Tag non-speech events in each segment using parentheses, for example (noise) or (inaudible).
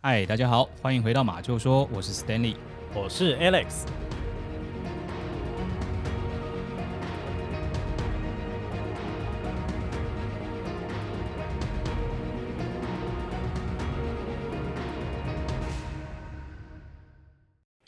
嗨，大家好，歡迎回到馬廄說，我是 Stanley，我是 Alex。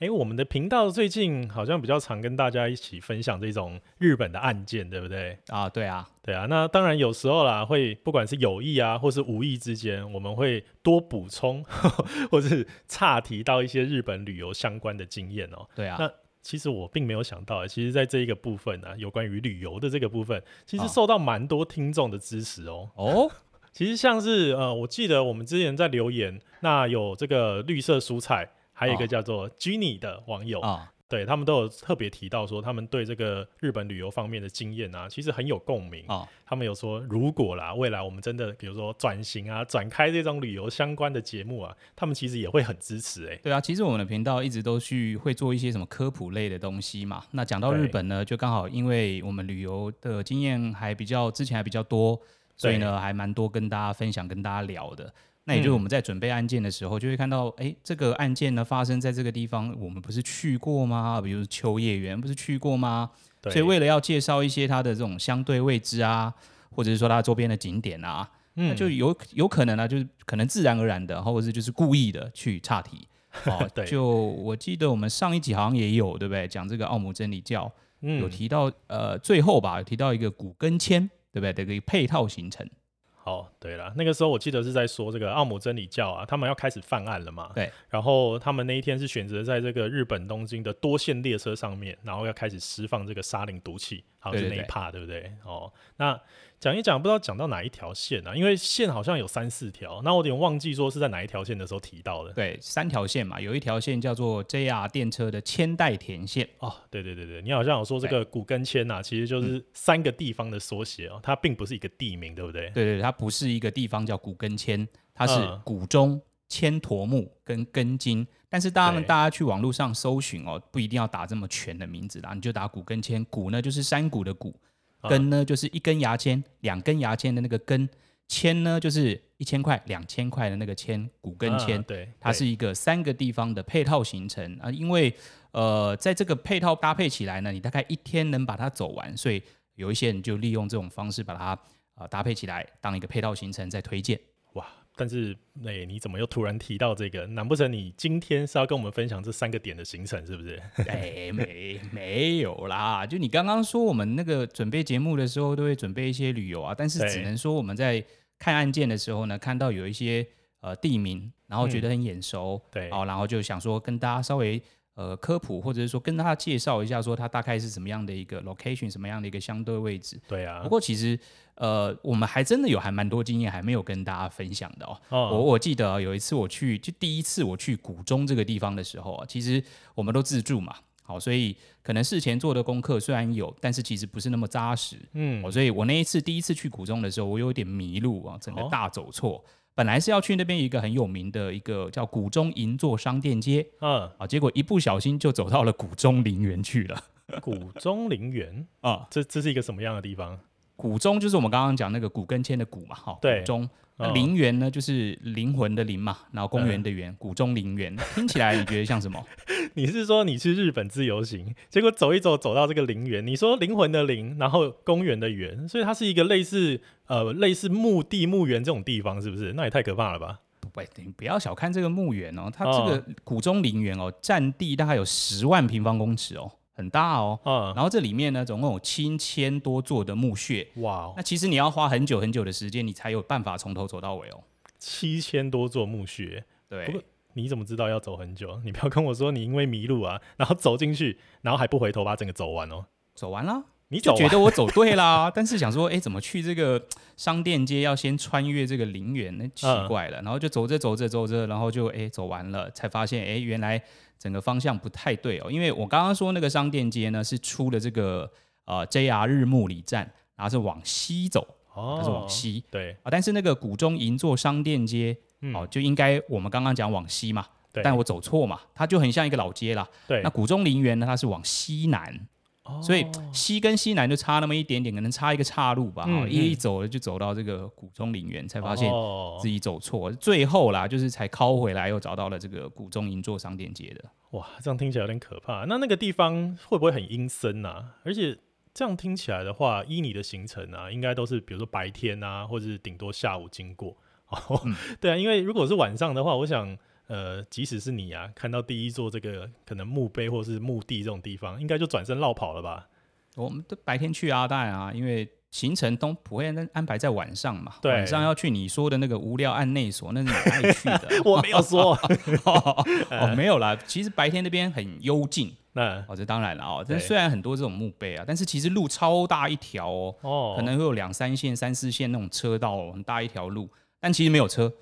誒、欸，我們的頻道最近好像比較常跟大家一起分享這種日本的案件，對不對？啊，對啊，對啊。那當然有時候啦，會不管是有意啊，或是無意之間，我們會多補充，呵呵或是岔題到一些日本旅遊相關的經驗哦。對啊，那其實我並沒有想到，其實在這一個部分呢、啊，有關於旅遊的這個部分，其實受到蠻多聽眾的支持哦。哦、啊， (laughs) 其實像是呃，我記得我們之前在留言，那有這個綠色蔬菜。還有一個叫做 Genie 的網友、哦哦，對，他們都有特別提到說，他們對這個日本旅遊方面的經驗啊，其實很有共鳴啊、哦。他們有說，如果啦，未來我們真的比如說轉型啊，轉開這種旅遊相關的節目啊，他們其實也會很支持誒、欸，對啊，其實我們的頻道一直都去會做一些什麼科普類的東西嘛。那講到日本呢，就剛好因為我們旅遊的經驗還比較之前還比較多，所以呢還蠻多跟大家分享、跟大家聊的。那也就是我們在準備案件的時候，就會看到，誒、嗯欸，這個案件呢發生在這個地方，我們不是去過嗎？比如秋葉原不是去過嗎？對，所以為了要介紹一些它的這種相對位置啊，或者是說它周邊的景點啊，嗯、那就有有可能呢、啊，就是可能自然而然的，或者是就是故意的去岔題啊。哦、 (laughs) 對，就我記得我們上一集好像也有，對不對？講這個奧姆真理教，嗯、有提到呃最後吧，有提到一個谷根千，對不對？這個配套行程。哦，對了，那個時候我記得是在說這個奧姆真理教啊，他們要開始犯案了嘛。對。然後他們那一天是選擇在這個日本東京的多線列車上面，然後要開始釋放這個沙林毒氣，好，就那一趴對對對，對不對？哦，那。講一講，不知道講到哪一條線啊？因為線好像有三四條，那我有點忘記說是在哪一條線的時候提到的。對，三條線嘛，有一條線叫做 JR 電車的千代田線。哦，對對對對，你好像有說這個谷根千吶，其實就是三個地方的縮寫哦，它並不是一個地名，對不對？對對、對，它不是一個地方叫谷根千，它是谷中千駄木、跟根津、嗯。但是大家大家去網絡上搜尋哦，不一定要打這麼全的名字啦，你就打谷根千，古呢就是山谷的谷。根呢，就是一根牙籤，兩根牙籤的那個根；千呢，就是一千塊、兩千塊的那個千，谷根千、啊。對，它是一個三個地方的配套行程啊，因為呃，在這個配套搭配起來呢，你大概一天能把它走完，所以有一些人就利用這種方式把它啊、呃、搭配起來，當一個配套行程再推薦。哇。但是，哎、欸，你怎麼又突然提到這個？難不成你今天是要跟我們分享這三個點的行程，是不是？哎、欸，沒 (laughs) 沒有啦，就你剛剛說我們那個準備節目的時候，都會準備一些旅遊啊。但是只能說我們在看案件的時候呢，看到有一些呃地名，然後覺得很眼熟、嗯，對，哦，然後就想說跟大家稍微呃科普，或者是說跟大家介紹一下，說它大概是什麼樣的一個 location，什麼樣的一個相對位置。對啊，不過其實。呃，我們還真的有還蠻多經驗還沒有跟大家分享的，喔、哦。我我記得、啊、有一次我去，就第一次我去谷中這個地方的時候啊，其實我們都自助嘛，好、喔，所以可能事前做的功課雖然有，但是其實不是那麼紮實，嗯、喔、所以，我那一次第一次去谷中的時候，我有點迷路啊，整個大走錯，哦，本來是要去那邊一個很有名的一個叫谷中銀座商店街，嗯、哦、啊，結果一不小心就走到了谷中靈園去了。谷中靈園啊，這這是一個什麼樣的地方？谷中就是我們剛剛講那個谷根千的谷嘛，哈、哦。谷中靈、哦、園呢，就是靈魂的靈嘛，然後公園的園。嗯、谷中靈園聽起來你覺得像什麼？ (laughs) 你是說你去日本自由行，結果走一走走到這個靈園，你說靈魂的靈，然後公園的園，所以它是一個類似呃類似墓地墓園這種地方，是不是？那也太可怕了吧？不，你不要小看這個墓園哦，它這個谷中靈園哦，佔地大概有十萬平方公尺哦。很大哦，嗯，然後這裡面呢，總共有七千多座的墓穴。哇、哦，那其實你要花很久很久的時間，你才有辦法從頭走到尾哦。七千多座墓穴，對。不過你怎麼知道要走很久？你不要跟我說你因為迷路啊，然後走進去，然後還不回頭把整個走完哦。走完了，你走就覺得我走對啦。 (laughs) 但是想說，哎，怎麼去這個商店街要先穿越這個陵園？呢、嗯？奇怪了。然後就走着走着走着，然後就哎走完了，才發現哎原來。整個方向不太對哦，因為我剛剛說那個商店街呢是出了這個呃 JR 日暮里站，然後是往西走，它、哦、是往西，對啊，但是那個谷中銀座商店街、嗯、哦，就應該我們剛剛講往西嘛，但我走錯嘛，它就很像一個老街啦。那谷中靈園呢，它是往西南。所以西跟西南就差那麼一點點，可能差一個岔路吧。嗯嗯一一走就走到這個谷中陵園，才發現自己走錯了。哦哦哦哦哦，最後啦就是才拷回來，又找到了這個谷中銀座商店街的。哇，這樣聽起來有點可怕。那那個地方會不會很陰森吶、啊？而且這樣聽起來的話，依你的行程啊，應該都是比如說白天啊，或者是頂多下午經過。哦、嗯， (laughs) 對啊，因為如果是晚上的話，我想。呃，即使是你啊，看到第一座這個可能墓碑或者是墓地這種地方，應該就轉身落跑了吧？我們都白天去阿、啊、當然啊，因為行程都不會安排在晚上嘛。晚上要去你說的那個無料案內所，那是你愛去的？ (laughs) 我沒有說 (laughs) 哦，哦，沒有啦。其實白天那邊很幽靜。那、嗯、哦，這當然了啊、哦。這雖然很多這種墓碑啊，但是其實路超大一條哦，哦，可能會有兩三線、三四線那種車道，很大一條路，但其實沒有車。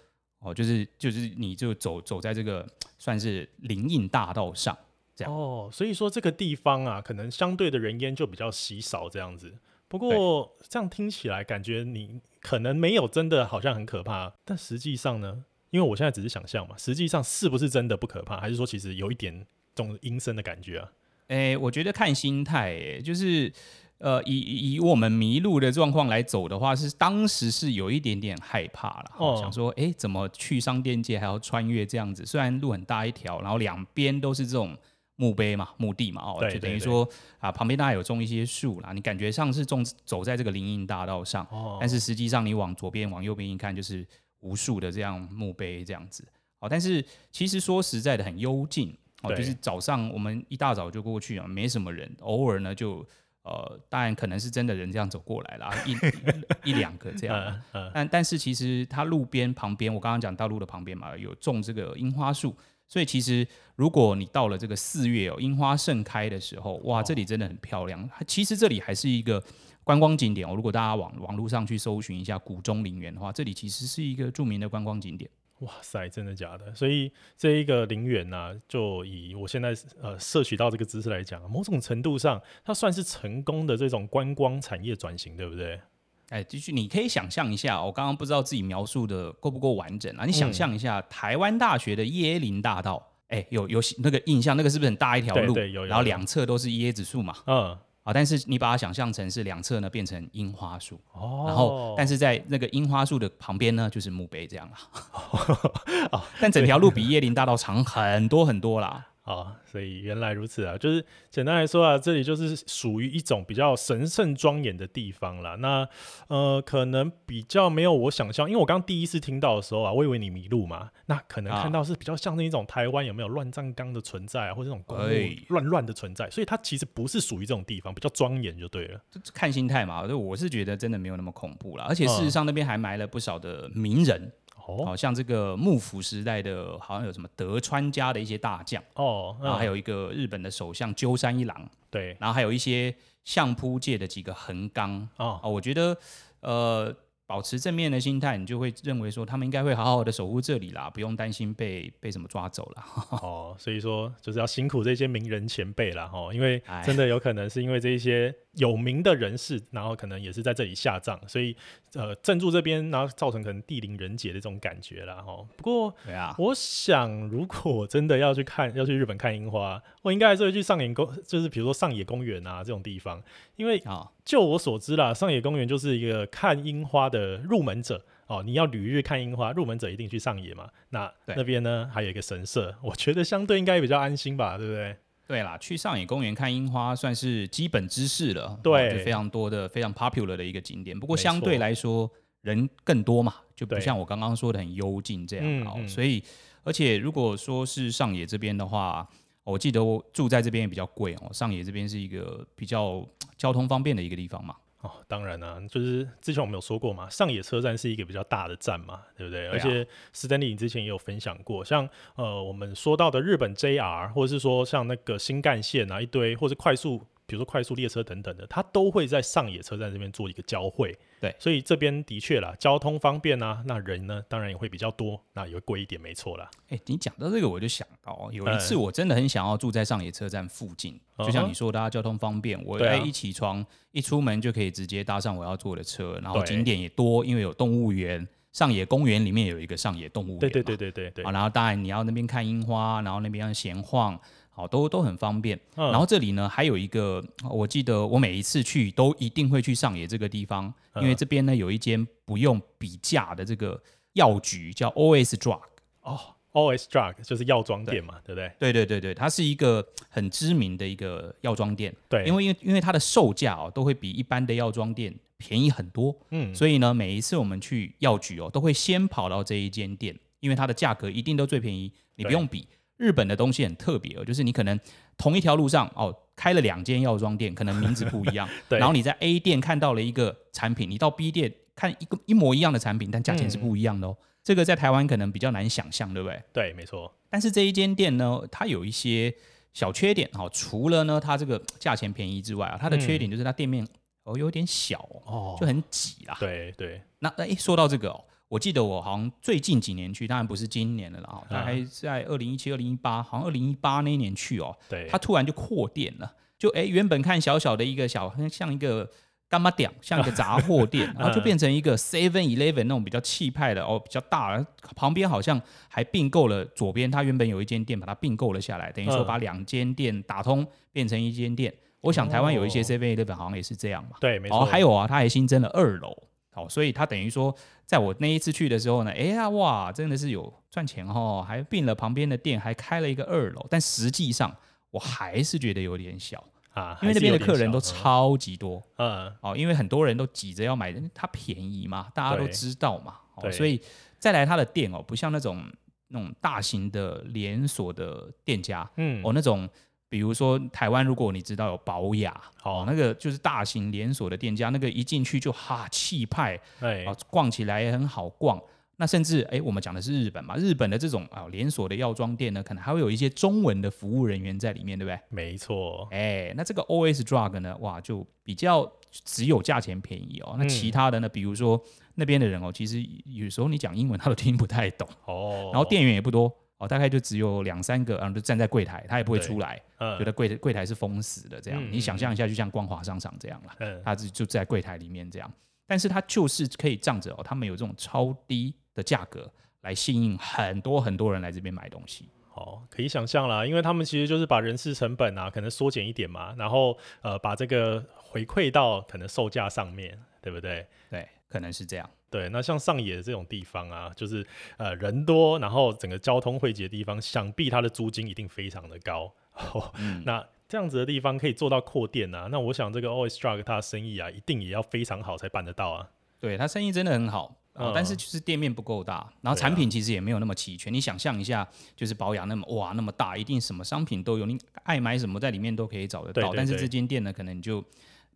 哦，就是就是，你就走走在這個算是林蔭大道上，這樣哦。所以說這個地方啊，可能相對的人煙就比較稀少這樣子。不過這樣聽起來感覺你可能沒有真的好像很可怕，但實際上呢，因為我現在只是想象嘛，實際上是不是真的不可怕，還是說其實有一點種陰森的感覺啊？誒，我覺得看心態，誒，就是。呃，以以我們迷路的狀況來走的話，是當時是有一點點害怕了，哦。想說，哎，欸，怎麼去商店街還要穿越這樣子？雖然路很大一條，然後兩邊都是這種墓碑嘛，墓地嘛。哦，對，對，對，就等於說啊，旁邊大概有種一些樹啦。你感覺上是種走在這個林蔭大道上，哦，但是實際上你往左邊、往右邊一看，就是無數的這樣墓碑這樣子。好，哦，但是其實說實在的，很幽靜。哦，就是早上我們一大早就過去了，啊，沒什麼人，偶爾呢就。呃，當然可能是真的人這樣走過來了，一 (laughs) 一兩個這樣，嗯嗯、但但是其實它路邊旁邊，我剛剛講道路的旁邊嘛，有種這個櫻花樹，所以其實如果你到了這個四月哦，櫻花盛開的時候，哇，這裡真的很漂亮、哦。其實這裡還是一個觀光景點哦，如果大家網網絡上去搜尋一下谷中陵園的話，這裡其實是一個著名的觀光景點。哇塞，真的假的？所以這一個陵園呢，就以我現在呃攝取到這個知識來講，某種程度上，它算是成功的這種觀光產業轉型，對不對？哎，繼續，你可以想象一下，我剛剛不知道自己描述的夠不夠完整啊？你想象一下，嗯、臺灣大學的椰林大道，哎，有有那個印象，那個是不是很大一條路？對，對，有，有。然後兩側都是椰子樹嘛？嗯。啊！但是你把它想象成是兩側呢變成櫻花樹，oh. 然後但是在那個櫻花樹的旁邊呢，就是墓碑這樣啦。哦， (laughs) 但整條路比椰林大道長很多很多啦。啊、哦，所以原來如此啊，就是簡單來說啊，這裡就是屬於一種比較神聖莊嚴的地方啦。那呃，可能比較沒有我想象因為我剛第一次聽到的時候啊，我以為你迷路嘛。那可能看到是比較像是一種台灣有沒有亂葬崗的存在，啊，或者這種公墓亂亂、欸、的存在，所以它其實不是屬於這種地方，比較莊嚴就對了。看心態嘛，就我是覺得真的沒有那麼恐怖啦。而且事實上那邊還埋了不少的名人。嗯哦，像這個幕府時代的，好像有什麼德川家的一些大將哦，那，然後還有一個日本的首相鳩山一郎，對，然後還有一些相撲界的幾個橫綱哦，哦，我覺得呃，保持正面的心態，你就會認為說他們應該會好好的守護這裡啦，不用擔心被被什麼抓走了。哦，所以說就是要辛苦這些名人前輩了哈，哦，因為真的有可能是因為這一些。有名的人士，然後可能也是在這裡下葬，所以呃，鎮住這邊，然後造成可能地靈人傑的這種感覺啦。哈。不過、對啊，我想如果真的要去看，要去日本看櫻花，我應該還是會去上野公，就是比如說上野公園啊這種地方，因為、啊、就我所知啦，上野公園就是一個看櫻花的入門者哦、喔。你要旅日看櫻花，入門者一定去上野嘛。那對那邊呢，還有一個神社，我覺得相對應該比較安心吧，對不對？對啦，去上野公園看櫻花算是基本知識了，對，啊、非常多的非常 popular 的一個景點。不過相對來說人更多嘛，就不像我剛剛說的很幽靜這樣哦。所以，而且如果說是上野這邊的話，哦、我記得我住在這邊也比較貴哦。上野這邊是一個比較交通方便的一個地方嘛。哦，當然啊，就是之前我們有說過嘛，上野車站是一個比較大的站嘛，對不對？對啊、而且 Stanley 你之前也有分享過，像呃我們說到的日本 JR，或者是說像那個新幹線啊一堆，或是快速。比如說快速列車等等的，它都會在上野車站這邊做一個交匯。對，所以這邊的確啦，交通方便啊，那人呢當然也會比較多，那也會貴一點，沒錯啦。誒，你講到這個，我就想到有一次，我真的很想要住在上野車站附近。嗯、就像你說的、啊，大家交通方便，我以、啊、一起床，一出門就可以直接搭上我要坐的車，然後景點也多，因為有動物園，上野公園裡面有一個上野動物園嘛。對對對對對對、對、啊。然後當然你要那邊看櫻花，然後那邊要閒晃。哦，都都很方便，嗯。然後這裡呢，還有一個，我記得我每一次去都一定會去上野這個地方，嗯、因為這邊呢有一間不用比價的這個藥局，叫 OS Drug。哦，OS Drug 就是藥妝店嘛，對不對？對，對，對。對對對對，它是一個很知名的一個藥妝店。對，因為因為因為它的售價哦都會比一般的藥妝店便宜很多。嗯，所以呢每一次我們去藥局哦都會先跑到這一間店，因為它的價格一定都最便宜，你不用比。日本的東西很特別哦，就是你可能同一條路上哦開了兩間藥妝店，可能名字不一樣， (laughs) 對，然後你在 A 店看到了一個產品，你到 B 店看一個一模一樣的產品，但價錢是不一樣的哦。嗯、這個在台灣可能比較難想象，對不對？對，沒錯。但是這一間店呢，它有一些小缺點哦。除了呢，它這個價錢便宜之外啊，它的缺點就是它店面、嗯、哦有點小哦，哦就很擠啦、啊。對對。那一、欸、說到這個哦。我記得我好像最近幾年去，當然不是今年了啦，大概在二零一七、二零一八，好像二零一八那一年去哦、喔，對，他突然就擴店了，就哎、欸，原本看小小的一個小，像一個柑仔店，像一個雜貨店，哦嗯、然後就變成一個 Seven Eleven 那種比較氣派的哦，比較大了，旁邊好像還併購了左邊，他原本有一間店，把它併購了下來，等於說把兩間店打通變成一間店。哦、我想台灣有一些 Seven Eleven 好像也是這樣嘛，對，沒錯、喔。然還有啊，它還新增了二樓。所以他等於說，在我那一次去的時候呢，哎、欸、呀哇，真的是有賺錢哦，還並了旁邊的店，還開了一個二樓。但實際上，我還是覺得有點小啊，還是有點小，因為那邊的客人都超級多，嗯，哦、嗯，因為很多人都擠着要買，它便宜嘛，大家都知道嘛，對，所以再來他的店哦，不像那種那種大型的連鎖的店家，嗯，哦那種。比如說台灣，如果你知道有寶雅，好、oh. 喔，那個就是大型連鎖的店家，那個一進去就哈氣派，啊、欸喔，逛起來也很好逛。那甚至哎、欸，我們講的是日本嘛，日本的這種啊、喔、連鎖的藥妝店呢，可能還會有一些中文的服務人員在裡面，對不對？沒錯。哎、欸，那這個 OS Drug 呢，哇，就比較只有價錢便宜哦、喔。那其他的呢，嗯、比如說那邊的人哦、喔，其實有時候你講英文，他都聽不太懂哦。Oh. 然後店員也不多。哦，大概就只有兩三個，然、呃、後就站在櫃檯，他也不會出來，嗯、覺得櫃櫃檯是封死的這樣。嗯、你想象一下，就像光華商場這樣了，他、嗯、就就在櫃檯裡面這樣。但是他就是可以仗着哦，他們有這種超低的價格來吸引很多很多人來這邊買東西。哦，可以想象了，因為他們其實就是把人事成本啊可能縮減一點嘛，然後呃把這個回饋到可能售價上面，對不對？對，可能是這樣。對，那像上野這種地方啊，就是呃，人多，然後整個交通匯集的地方，想必它的租金一定非常的高。哦嗯、那這樣子的地方可以做到擴店吶，那我想這個 Always Drug 它的生意啊，一定也要非常好才辦得到啊。對，它生意真的很好，但是就是店面不夠大，嗯，然後產品其實也沒有那麼齊全。啊，你想象一下，就是保養那麼哇那麼大，一定什麼商品都有，你愛買什麼在裡面都可以找得到。對對對，但是這間店呢，可能你就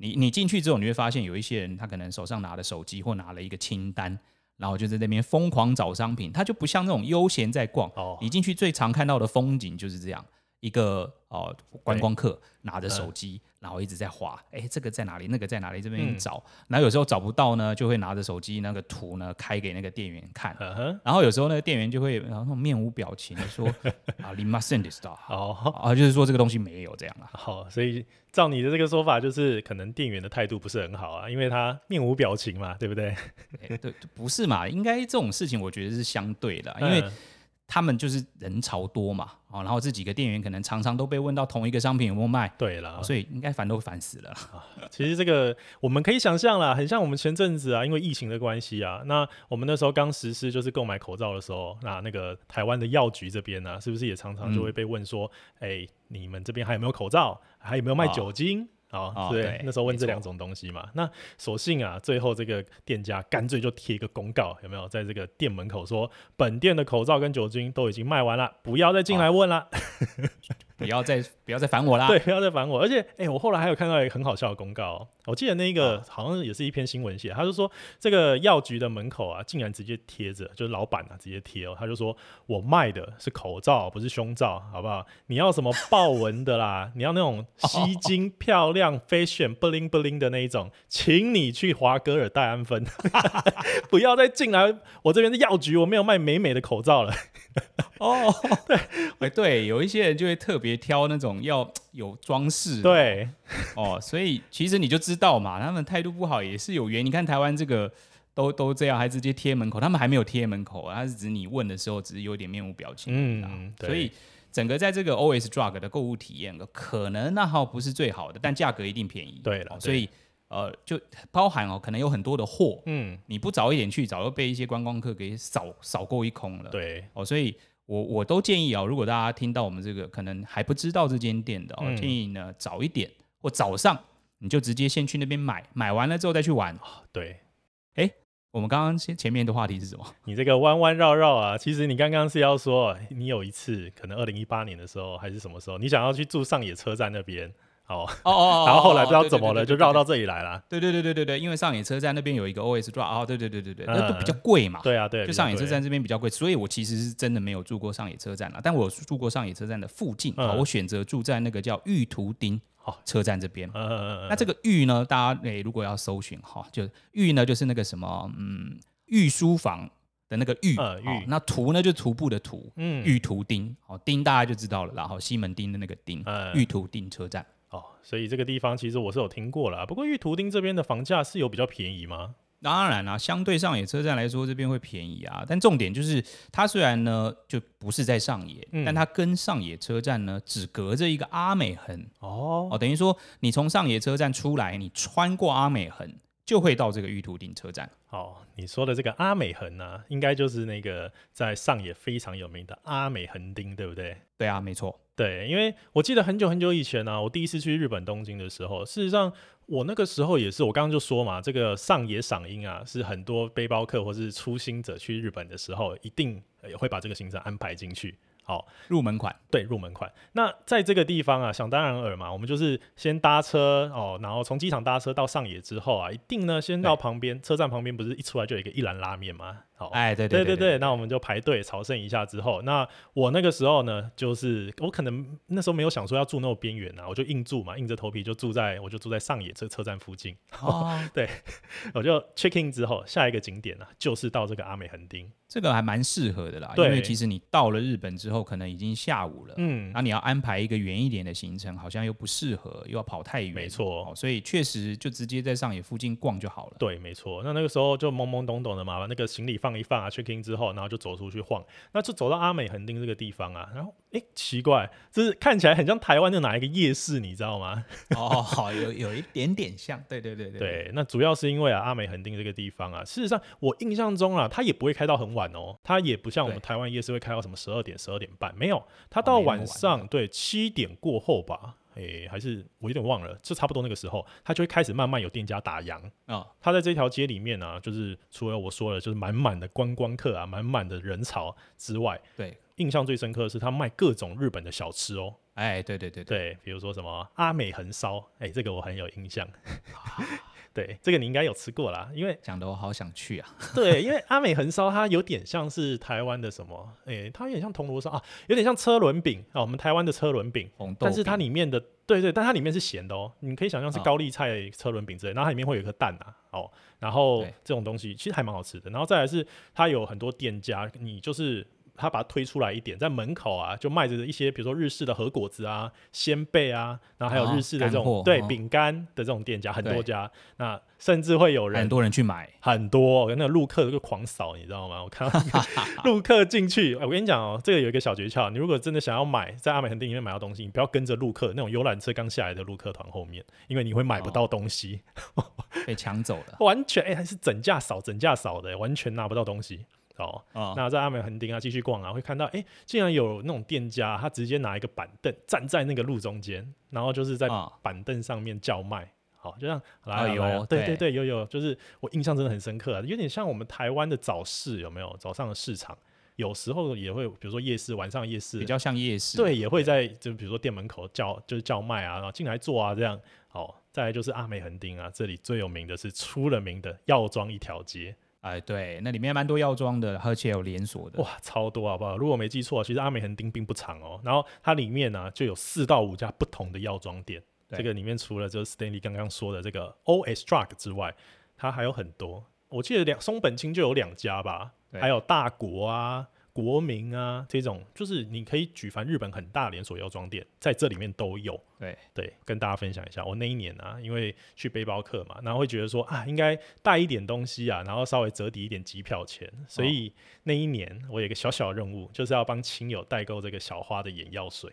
你你進去之後，你會發現有一些人，他可能手上拿着手機或拿了一個清單，然後就在那邊瘋狂找商品，他就不像那種悠閒在逛。哦，你進去最常看到的風景就是這樣。一個哦、呃，觀光客、嗯、拿着手機、嗯，然後一直在滑，哎、欸，這個在哪裡？那個在哪裡？這邊找、嗯，然後有時候找不到呢，就會拿着手機那個圖呢，開給那個店員看，嗯、然後有時候那個店員就會然後面無表情的說、嗯、啊，你 mustn't do this 哦，就是說這個東西沒有這樣啊。好、哦，所以照你的這個說法，就是可能店員的態度不是很好啊，因為他面無表情嘛，對不對？欸、對， (laughs) 不是嘛？應該這種事情，我覺得是相對的，因為。嗯他們就是人潮多嘛，啊、哦，然後這幾個店員可能常常都被問到同一個商品有沒有賣，對了、哦，所以應該煩都煩死了。其實這個我們可以想象啦，很像我們前陣子啊，因為疫情的關係啊，那我們那時候剛實施就是購買口罩的時候，那那個台灣的藥局這邊呢、啊，是不是也常常就會被問說，哎、嗯欸，你們這邊還有沒有口罩？還有沒有賣酒精？哦好、哦對，對，那時候問這兩種東西嘛，那索性啊，最後這個店家乾脆就貼一個公告，有沒有，在這個店門口說，本店的口罩跟酒精都已經賣完了，不要再進來問了。哦 (laughs) 不要再不要再煩我啦！對，不要再煩我。而且，哎、欸，我後來還有看到一個很好笑的公告、哦，我記得那個、哦、好像也是一篇新聞寫，他就說這個藥局的門口啊，竟然直接貼着，就是老闆啊直接貼哦，他就說：“我賣的是口罩，不是胸罩，好不好？你要什麼豹紋的啦？ (laughs) 你要那種吸睛漂亮 fashion bling bling 的那一種，請你去華歌爾、戴安芬，不要再進來我這邊的藥局，我沒有賣美美的口罩了。 (laughs) ”哦、oh，對，哎，對，有一些人就會特別挑那種要有裝飾，對，哦，所以其實你就知道嘛，他們態度不好也是有原因。你看台灣這個都都這樣，還直接貼門口，他們還沒有貼門口啊，他是指你問的時候只是有點面無表情、啊，嗯，對。所以整個在這個 O S Drug 的購物體驗，可能那號不是最好的，但價格一定便宜，對了。對哦、所以呃，就包含哦，可能有很多的貨，嗯，你不早一點去，早就被一些觀光客給掃掃過一空了，對，哦，所以。我我都建議啊、哦，如果大家聽到我們這個可能還不知道這間店的，哦，嗯、建議呢，早一點或早上你就直接先去那邊買，買完了之後再去玩。哦、對，哎，我們剛剛前前面的話題是什麼？你這個彎彎繞繞啊，其實你剛剛是要說，你有一次可能二零一八年的時候還是什麼時候，你想要去住上野車站那邊。哦哦哦，哦哦哦， (laughs) 然後後來不知道怎麼了，對對對對對對就繞到這裡來了。對對對對對對，因為上野車站那邊有一個 O S Drug、哦、啊，對對對對對，那都比較貴嘛，嗯較貴。對啊，對，就上野車站這邊比較貴，所以我其實是真的沒有住過上野車站了，但我住過上野車站的附近啊。嗯、我選擇住在那個叫御徒町車站這邊，嗯。那這個御呢，大家誒、欸，如果要搜尋哈、哦，就御呢，就是那個什麼，嗯，御書房的那個御、嗯哦、御，那徒呢，就徒步的徒。御徒町，好、嗯哦、町大家就知道了。然、哦、後西門町的那個町、嗯。御徒町車站。哦，所以這個地方其實我是有聽過了、啊。不過御徒町這邊的房價是有比較便宜嗎？當然啦、啊，相對上野車站來說，這邊會便宜啊。但重點就是，它雖然呢就不是在上野、嗯，但它跟上野車站呢只隔着一個阿美橫哦哦，等於說你從上野車站出來，你穿過阿美橫就會到這個御徒町車站。哦，你說的這個阿美橫呢、啊，應該就是那個在上野非常有名的阿美橫丁，對不對？對啊，沒錯。對，因為我記得很久很久以前呢、啊，我第一次去日本東京的時候，事實上我那個時候也是，我剛剛就說嘛，這個上野賞櫻啊，是很多背包客或是初心者去日本的時候，一定也會把這個行程安排進去。好，入門款，對，入門款。那在這個地方啊，想當然爾嘛，我們就是先搭車哦，然後從機場搭車到上野之後啊，一定呢先到旁邊車站旁邊，不是一出來就有一個一蘭拉麵嗎？哎對對對對，對對對對，那我們就排隊朝聖一下之後，那我那個時候呢，就是我可能那時候沒有想說要住那麼邊緣啊，我就硬住嘛，硬着頭皮就住在，我就住在上野車車站附近。哦， (laughs) 對，我就 check in 之後，下一個景點呢、啊，就是到這個阿美橫丁，這個還蠻適合的啦，對，因為其實你到了日本之後，可能已經下午了，嗯，那你要安排一個遠一點的行程，好像又不適合，又要跑太遠，沒錯、哦，所以確實就直接在上野附近逛就好了。對，沒錯，那那個時候就懵懵懂懂的嘛，把那個行李放。一放啊 check in 之後，然後就走出去晃，那就走到阿美橫丁這個地方啊，然後誒、欸，奇怪，就是看起來很像台灣的哪一個夜市，你知道嗎？哦，好，有有一點點像， (laughs) 對對對對,對。對,對，那主要是因為啊，阿美橫丁這個地方啊，事實上我印象中啊，它也不會開到很晚哦，它也不像我們台灣夜市會開到什麼十二點、十二點半，沒有，它到晚上、哦、晚對七點過後吧。哎、欸，還是我有點忘了，就差不多那個時候，他就會開始慢慢有店家打烊啊。他、哦、在這條街裡面呢、啊，就是除了我說的就是滿滿的觀光客啊，滿滿的人潮之外，對，印象最深刻的是他賣各種日本的小吃哦。哎，對對對對，對，比如說什麼阿美橫燒，哎、欸，這個我很有印象。 (laughs) 對，這個你應該有吃過啦。因為講得我好想去啊。對， (laughs) 因為阿美橫燒它有點像是台灣的什麼，哎、欸，它有點像銅鑼燒啊，有點像車輪餅啊，我們台灣的車輪餅，但是它裡面的對，對對，但它裡面是鹹的哦，你可以想象是高麗菜的車輪餅之類，哦，然後它裡面會有一顆蛋啊，哦，然後這種東西其實還蠻好吃的，然後再來是它有很多店家，你就是。他把它推出來一點，在門口啊，就賣着一些，比如說日式的和果子啊、仙貝啊，然後還有日式的這種、哦、對餅乾的這種店家、哦、很多家，那甚至會有人很多人去買，很多、喔、那個陸客就狂掃，你知道嗎？我看到 (laughs) 陸客進去，哎，我跟你講哦，這個有一個小訣竅，你如果真的想要買在阿美橫店裡面買到東西，你不要跟着陸客那種遊覽車剛下來的陸客團後面，因為你會買不到東西、哦， (laughs) 被搶走了。完全哎，還是整架掃整架掃的、欸，完全拿不到東西。哦,哦，那在阿美橫丁啊，繼續逛啊，會看到，哎、欸，竟然有那種店家，他直接拿一個板凳站在那個路中間，然後就是在板凳上面叫賣，好、哦哦，就像，啊有、呃，對對對,對，有有，就是我印象真的很深刻、啊，有點像我們台灣的早市，有沒有？早上的市場，有時候也會，比如說夜市，晚上夜市，比較像夜市，對，對也會在，就比如說店門口叫，就是叫賣啊，然後進來坐啊，這樣，好、哦，再來就是阿美橫丁啊，這裡最有名的是出了名的藥妝一條街。哎、呃，對，那裡面蠻多藥妝的，而且有連鎖的，哇，超多、啊，好不好？如果我沒記錯、啊，其實阿美橫丁並不長哦。然後它裡面呢、啊，就有四到五家不同的藥妝店。這個裡面除了就是 Stanley 剛剛說的這個 O S Drug 之外，它還有很多。我記得兩松本清就有兩家吧，還有大國啊。國民啊，這種就是你可以舉凡日本很大的連鎖藥妝店，在這裡面都有。對對，跟大家分享一下，我那一年啊，因為去背包客嘛，然後會覺得說啊，應該帶一點東西啊，然後稍微折抵一點機票錢，所以、哦、那一年我有一個小小任務，就是要幫親友代購這個小花的眼藥水。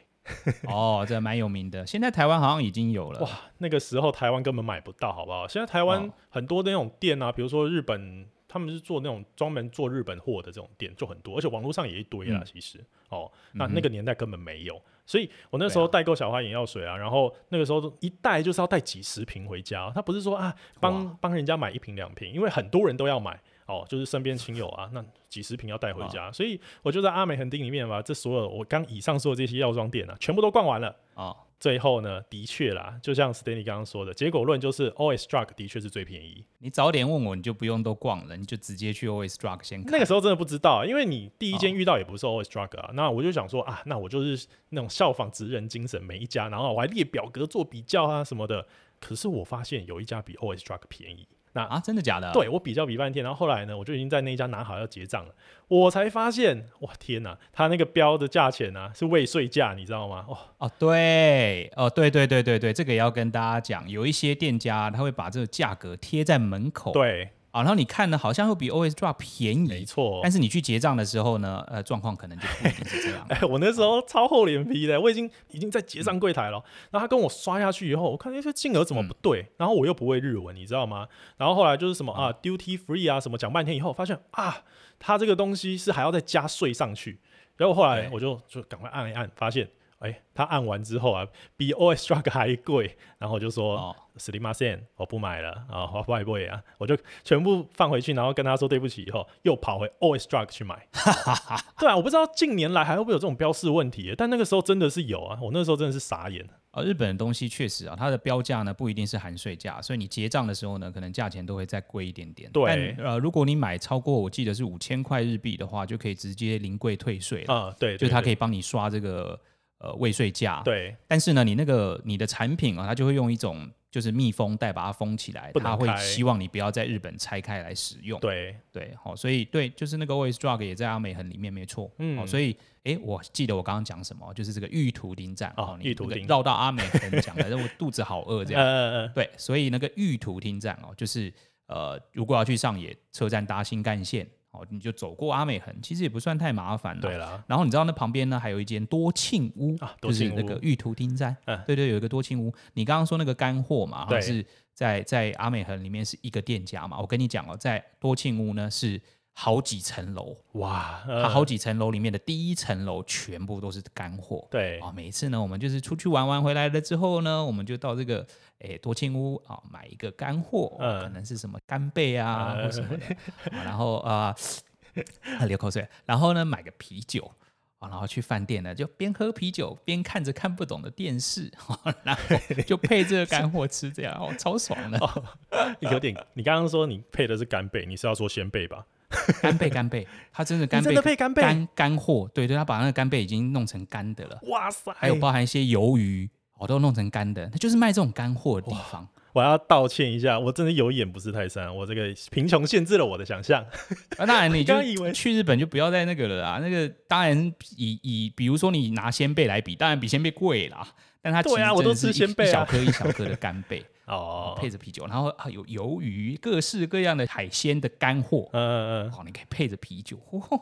哦， (laughs) 哦，這蠻有名的，現在台灣好像已經有了。哇，那個時候台灣根本買不到，好不好？現在台灣很多的那種店啊，比、哦、如說日本。他們是做那種專門做日本貨的這種店，就很多，而且網絡上也一堆啦。嗯、其實，哦、嗯，那那個年代根本沒有，所以我那時候代購小花眼藥水啊，啊，然後那個時候一帶就是要帶幾十瓶回家，他不是說啊幫幫人家買一瓶兩瓶，因為很多人都要買哦，就是身邊親友啊，那幾十瓶要帶回家，啊，所以我就在阿美橫丁裡面把這所有我剛以上說的這些藥妝店啊，全部都逛完了啊。最後呢，的確啦，就像 Stanley 剛剛說的結果論，就是 OS Drug 的確是最便宜。你早點問我，你就不用都逛了，你就直接去 OS Drug 先。那個時候真的不知道，因為你第一間遇到也不是 OS Drug 啊。哦、那我就想說啊，那我就是那種效仿職人精神，每一家，然後我還列表格做比較啊什麼的。可是我發現有一家比 OS Drug 便宜。那啊，真的假的？對，我比較比半天，然後後來呢，我就已經在那一家拿好要結賬了，我才發現，哇天哪，他那個標的價錢呢、啊、是未稅價，你知道嗎？哦哦，對哦，對對對對對，這個也要跟大家講，有一些店家他會把這個價格貼在門口。對。啊、哦，然後你看呢，好像會比 OS Drug 便宜，沒錯。但是你去結賬的時候呢，呃，狀況可能就不一定是這樣哎。哎，我那時候超厚臉皮的，我已經已經在結賬櫃檯了、嗯。然後他跟我刷下去以後，我看那這金額怎麼不對、嗯？然後我又不會日文，你知道嗎？然後後來就是什麼、嗯、啊，Duty Free 啊，什麼講半天以後發現啊，他這個東西是還要再加稅上去。然後後來、嗯、我就就趕快按一按，發現。哎，他按完之後啊，比 O S Drug 還貴，然後就說すみません、哦、我不買了啊，華為 b 啊，我就全部放回去，然後跟他說對不起，以後又跑回 O S Drug 去買。 (laughs) 對啊，我不知道近年來還會不會有這種標示問題，但那個時候真的是有啊，我那時候真的是傻眼啊，日本的東西確實啊，它的標價呢不一定是含稅價，所以你結賬的時候呢，可能價錢都會再貴一點點。對，呃，如果你買超過我記得是五千塊日幣的話，就可以直接臨櫃退稅了啊。對，就他可以幫你刷這個。呃，未稅價。對。但是呢，你那個你的產品啊、哦，它就會用一種就是密封袋把它封起來，它會希望你不要在日本拆開來使用。對對，好、哦，所以對，就是那個 OS Drug 也在阿美橫裡面，沒錯。嗯。哦、所以，哎，我記得我剛剛講什麼？就是這個御徒町站哦，哦你御徒町、那個、繞到阿美橫講，反 (laughs) 正我肚子好餓這樣。嗯嗯嗯對，所以那個御徒町站哦，就是呃，如果要去上野車站搭新幹線。哦，你就走過阿美橫，其實也不算太麻煩了。對啦，然後你知道那旁邊呢，還有一間多慶屋、啊、多慶屋就是那個御徒町站。嗯、對，對對，有一個多慶屋。你剛剛說那個乾貨嘛，就是在在阿美橫裡面是一個店家嘛。我跟你講哦、喔，在多慶屋呢是，好幾層樓哇！它好幾層樓裡面的第一層樓全部都是乾貨、嗯。對啊、哦，每一次呢，我們就是出去玩玩、嗯、回來了之後呢，我們就到這個、欸、多慶屋啊、哦、買一個乾貨、嗯，可能是什麼干貝啊、嗯、什麼的、嗯。然後啊，呃、流口水。 (laughs) 然後呢，買個啤酒、哦、然後去飯店呢，就邊喝啤酒邊看着看不懂的電視、哦，然後就配這個乾貨吃，這樣 (laughs) 哦，超爽的。哦、有點，啊、你剛剛說你配的是干貝，你是要說仙貝吧？ (laughs) 干貝干貝，它真的干貝乾乾貨，對對，它把那個干貝已經弄成乾的了。哇塞，還有包含一些魷魚、哦，我都弄成乾的，它就是賣這種乾貨的地方。我要道歉一下，我真的有眼不識泰山，我這個貧窮限制了我的想象。那、 (laughs) 啊、你就去日本就不要再那個了啊？那個當然以，以以比如說你拿鮮貝來比，當然比鮮貝貴啦，但它其實真的是一小顆、啊、我都吃鮮貝啊、一小顆的干貝。 (laughs) 哦、oh.，配着啤酒，然後還有魷魚，各式各樣的海鮮的乾貨，嗯嗯好，你可以配着啤酒， (laughs) oh,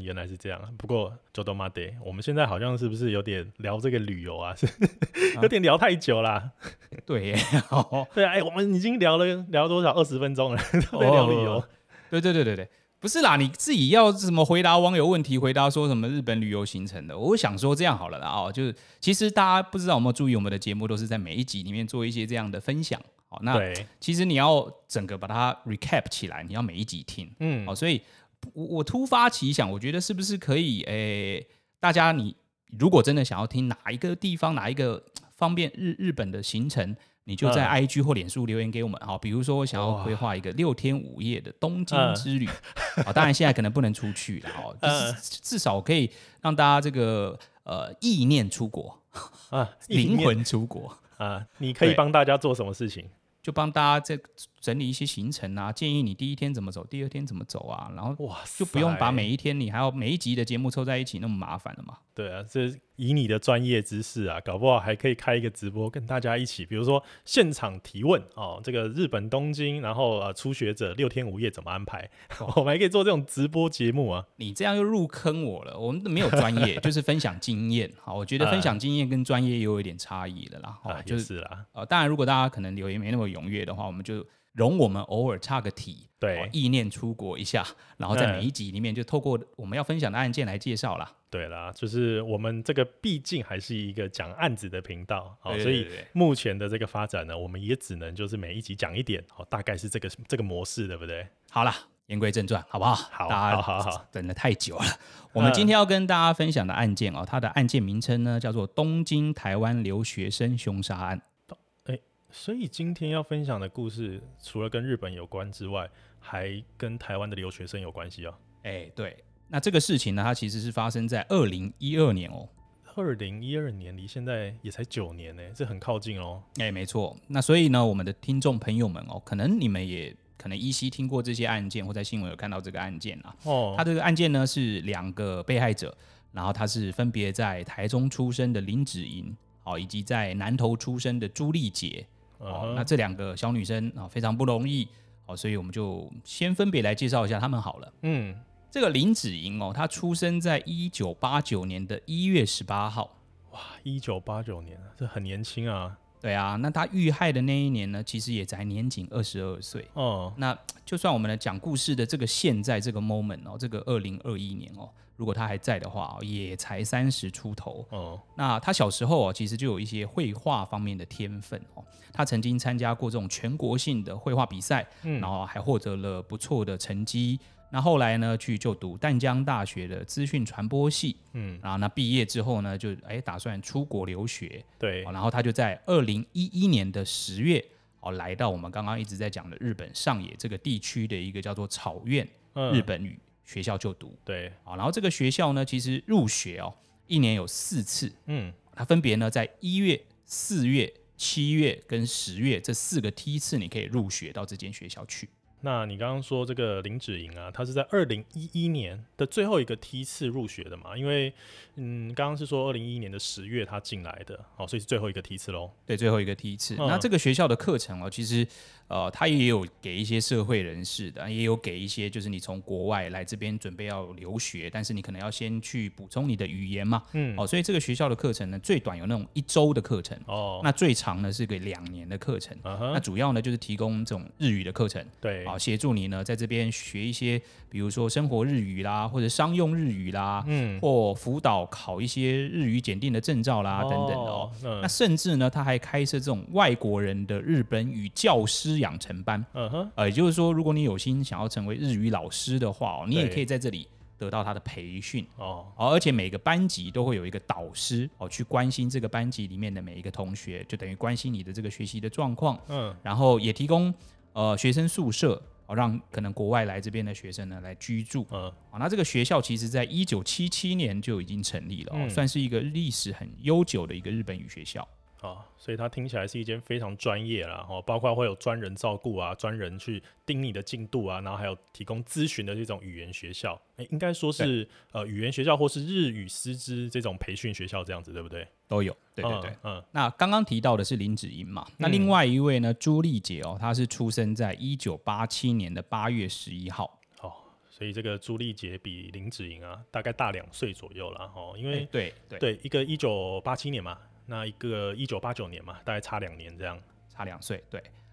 原來是這樣啊。不過ちょっと待って我們現在好像是不是有點聊這個旅遊啊？是 (laughs) 有點聊太久啦。 (laughs) (laughs) 對耶，哦、oh. 啊，對、欸、哎，我們已經聊了聊了多少二十分鐘了？Oh. (laughs) 聊旅遊？Oh. 對對對對對。不是啦，你自己要怎麼回答網友問題？回答說什麼日本旅遊行程的？我想說這樣好了啦哦，就是其實大家不知道有沒有注意，我們的節目都是在每一集裡面做一些這樣的分享。好、哦，那其實你要整個把它 recap 起來，你要每一集聽。嗯，好、哦，所以我我突發奇想，我覺得是不是可以誒、欸，大家你如果真的想要聽哪一個地方，哪一個方便日日本的行程？你就在 I G 或臉書留言給我們，好，比如說我想要規劃一個六天五夜的東京之旅，啊，當然現在可能不能出去了，好，至少可以讓大家這個呃意念出國啊，靈魂出國啊，你可以幫大家做什麼事情？就幫大家再整理一些行程啊，建議你第一天怎麼走，第二天怎麼走啊，然後哇，就不用把每一天你還要每一集的節目湊在一起那麼麻煩了嘛？對啊，這。以你的專業知識啊，搞不好還可以開一個直播，跟大家一起，比如說現場提問啊、哦，這個日本東京，然後呃，初學者六天五夜怎麼安排？我們還可以做這種直播節目啊。你這樣又入坑我了，我們沒有專業， (laughs) 就是分享經驗。好，我覺得分享經驗跟專業又有一點差異的啦。好、呃啊，就是、是啦。呃，當然，如果大家可能留言沒那麼踴躍的話，我們就。容我們偶爾插個題，對、哦，意念出國一下，然後在每一集裡面就透過我們要分享的案件來介紹啦、嗯。對啦，就是我們這個畢竟還是一個講案子的頻道，好、哦，所以目前的這個發展呢，我們也只能就是每一集講一點，哦，大概是這個這個模式，對不對？好了，言歸正傳，好不好？好，大家好好，好等了太久了。我們今天要跟大家分享的案件哦，它的案件名稱呢叫做東京台灣留學生凶殺案。所以今天要分享的故事，除了跟日本有關之外，還跟台灣的留學生有關係啊。誒、欸，對，那這個事情呢，它其實是發生在二零一二年哦、喔。二零一二年離現在也才九年呢、欸，這很靠近哦、喔。誒、欸，沒錯。那所以呢，我們的聽眾朋友們哦、喔，可能你們也可能依稀聽過這些案件，或在新聞有看到這個案件啊。哦，它這個案件呢是兩個被害者，然後他是分別在台中出生的林子瑩、喔，以及在南投出生的朱麗杰。Uh -huh. 哦，那這兩個小女生啊，哦，非常不容易，好，哦，所以我們就先分別來介紹一下她們好了。嗯，這個林子瑩哦，她出生在一九八九年的一月十八號，哇，一九八九年，這很年輕啊。對啊，那他遇害的那一年呢，其實也才年僅二十二歲哦。Oh. 那就算我們來講故事的這個現在這個 moment 哦，這個二零二一年哦，如果他還在的話，也才三十出頭哦。Oh. 那他小時候啊，其實就有一些繪畫方面的天分哦。他曾經參加過這種全國性的繪畫比賽，嗯、然後還獲得了不錯的成績。那後來呢，去就讀淡江大學的資訊傳播系，嗯，然後那畢業之後呢，就哎打算出國留學，對，然後他就在二零一一年的十月哦，來到我們剛剛一直在講的日本上野這個地區的一個叫做草院日本語學校就讀，嗯、對，啊，然後這個學校呢，其實入學哦一年有四次，嗯，他分別呢在一月、四月、七月跟十月這四個梯次，你可以入學到這間學校去。那你剛剛說這個林芷瑩啊，她是在二零一一年的最後一個梯次入學的嘛？因為嗯，剛剛是說二零一一年的十月她進來的，好、哦，所以是最後一個梯次嘍。對，最後一個梯次、嗯。那這個學校的課程啊，其實。呃，他也有給一些社會人士的，也有給一些就是你從國外來這邊準備要留學，但是你可能要先去補充你的語言嘛，嗯，哦，所以這個學校的課程呢，最短有那種一周的課程，哦，那最長呢是個兩年的課程，Uh-huh，那主要呢就是提供這種日語的課程，對，啊、哦，協助你呢在這邊學一些，比如說生活日語啦，或者商用日語啦，嗯，或輔導考一些日語檢定的證照啦，哦、等等的哦，嗯、那甚至呢他還開設這種外國人的日本語教師。養成班，呃、uh-huh.，也就是說，如果你有心想要成為日語老師的話，哦，你也可以在這裡得到他的培訓哦。Oh. 而且每個班級都會有一個導師哦，去關心這個班級裡面的每一個同學，就等於關心你的這個學習的狀況。嗯、uh-huh.，然後也提供呃學生宿舍哦，讓可能國外來這邊的學生呢來居住。嗯，啊，那這個學校其實在一九七七年就已經成立了，嗯，算是一個歷史很悠久的一個日本語學校。哦、所以他聽起來是一間非常專業啦，包括會有專人照顧啊，專人去盯你的進度啊，然後還有提供諮詢的這種語言學校，哎、欸，應該說是呃語言學校或是日語師資這種培訓學校這樣子，對不對？都有，對對對，嗯。嗯，那剛剛提到的是林子瑩嘛，那另外一位呢，嗯、朱麗婕哦，她是出生在一九八七年的八月十一號。哦，所以這個朱麗婕比林子瑩啊大概大兩歲左右了，吼、哦，因為、欸、對對對，一個一九八七年嘛。那一個一九八九年嘛，大概差兩年，這樣差兩歲。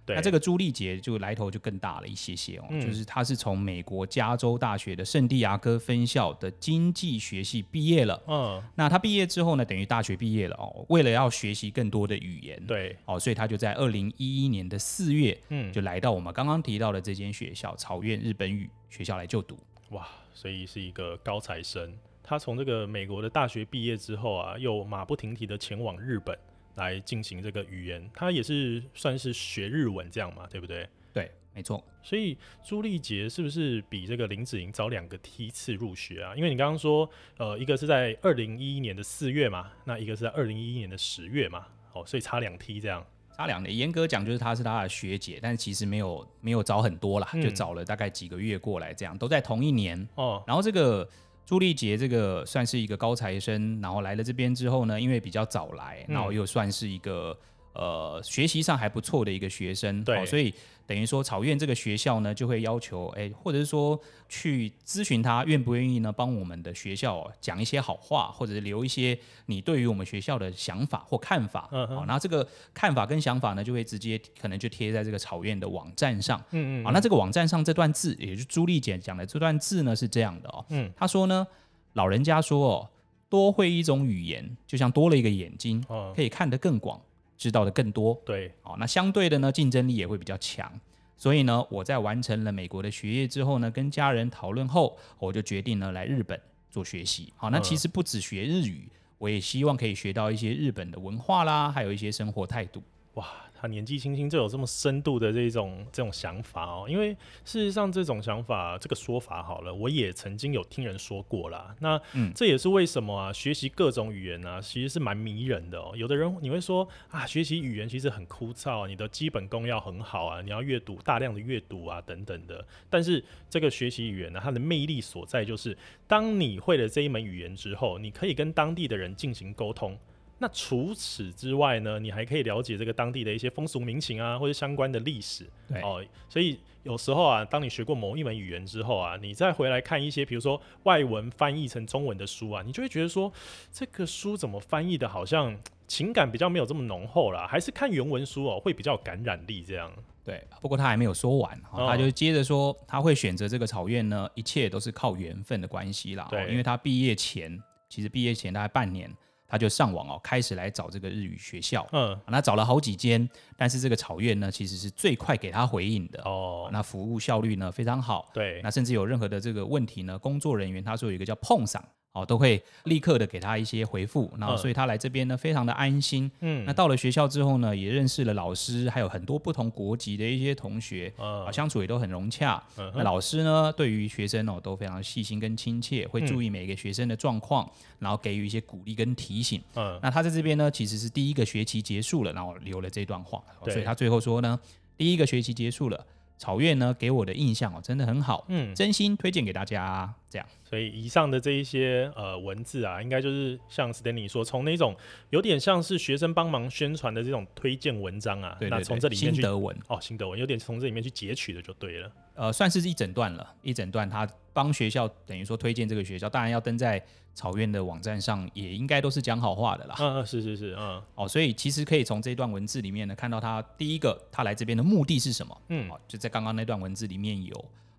對，那這個朱麗杰就來頭就更大了一些些哦、喔嗯，就是他是從美國加州大學的聖地亞哥分校的經濟學系畢業了。嗯，那他畢業之後呢，等於大學畢業了哦、喔。為了要學習更多的語言，對，哦、喔，所以他就在二零一一年的四月，嗯，就來到我們剛剛提到的這間學校、嗯、草院日本語學校來就讀。哇，所以是一個高材生。他從這個美國的大學畢業之後啊，又馬不停蹄的前往日本來進行這個語言，他也是算是學日文這樣嘛，對不對？對，沒錯。所以朱麗傑是不是比這個林子瑩早兩個梯次入學啊？因為你剛剛說，呃，一個是在二零一一年的四月嘛，那一個是在二零一一年的十月嘛，哦，所以差兩梯這樣，差兩年。嚴格講，就是她是她的學姐，但是其實沒有沒有早很多啦，嗯、就早了大概幾個月過來這樣，都在同一年。哦，然後這個。朱麗杰這個算是一個高材生，然後來了這邊之後呢，因為比較早來，然後又算是一個。呃，學習上還不錯的一個學生，對，哦、所以等於說草院這個學校呢，就會要求，哎、欸，或者是說去諮詢他願不願意呢，幫我們的學校講一些好話，或者是留一些你對於我們學校的想法或看法。嗯好、哦，那這個看法跟想法呢，就會直接可能就貼在這個草院的網站上。嗯嗯，嗯。好、哦，那這個網站上這段字，也就是朱麗姐講的這段字呢，是這樣的哦。嗯。他說呢，老人家說哦，多會一種語言，就像多了一個眼睛，嗯、可以看得更廣。知道的更多，對，好，那相對的呢，競爭力也會比較強，所以呢，我在完成了美國的學業之後呢，跟家人討論後，我就決定呢，來日本做學習，好，那其實不只學日語，我也希望可以學到一些日本的文化啦，還有一些生活態度，嗯、哇。啊、年紀輕輕就有這麼深度的這種這種想法哦，因為事實上這種想法這個說法好了，我也曾經有聽人說過啦。那、嗯、這也是為什麼啊，學習各種語言呢、啊，其實是蠻迷人的哦。有的人你會說啊，學習語言其實很枯燥、啊，你的基本功要很好啊，你要閱讀大量的閱讀啊等等的。但是這個學習語言呢、啊，它的魅力所在就是，當你會了這一門語言之後，你可以跟當地的人進行溝通。那除此之外呢，你還可以了解這個當地的一些風俗民情啊，或者相關的歷史。對哦，所以有時候啊，當你學過某一門語言之後啊，你再回來看一些，比如說外文翻譯成中文的書啊，你就會覺得說，這個書怎麼翻譯的，好像情感比較沒有這麼濃厚啦，還是看原文書哦，會比較有感染力。這樣。對。不過他還沒有說完，哦哦、他就接着說，他會選擇這個草院呢，一切都是靠緣分的關係啦。對。哦、因為他畢業前，其實畢業前大概半年。他就上網哦，開始來找這個日語學校。嗯，那找了好幾間，但是這個草院呢，其實是最快給他回應的哦。那服務效率呢，非常好。對，那甚至有任何的這個問題呢，工作人員他說有一個叫碰上。哦，都會立刻的給他一些回覆然後所以他來這邊呢，非常的安心。嗯，那到了學校之後呢，也認識了老師，還有很多不同國籍的一些同學，啊、嗯，相處也都很融洽。嗯。那老師呢，對於學生哦都非常細心跟親切，會注意每個學生的狀況，嗯，然後給予一些鼓勵跟提醒。嗯，那他在這邊呢，其實是第一個學期結束了，然後留了這段話，所以他最後說呢，第一個學期結束了。草月呢，給我的印象哦，真的很好，嗯，真心推薦給大家、啊，這樣。所以以上的這一些呃文字啊，應該就是像 Stanley 說，從那種有點像是學生幫忙宣傳的這種推薦文章啊，對對對，那從這裡面去新德文哦，新德文有點從這裡面去截取的就對了，呃，算是一整段了，一整段他幫學校等於說推薦這個學校，當然要登在。草原的網站上也應該都是講好話的啦。嗯、啊，是是是，嗯、啊，哦，所以其實可以從這段文字裡面呢，看到他第一個他來這邊的目的是什麼？嗯，哦，就在剛剛那段文字裡面有，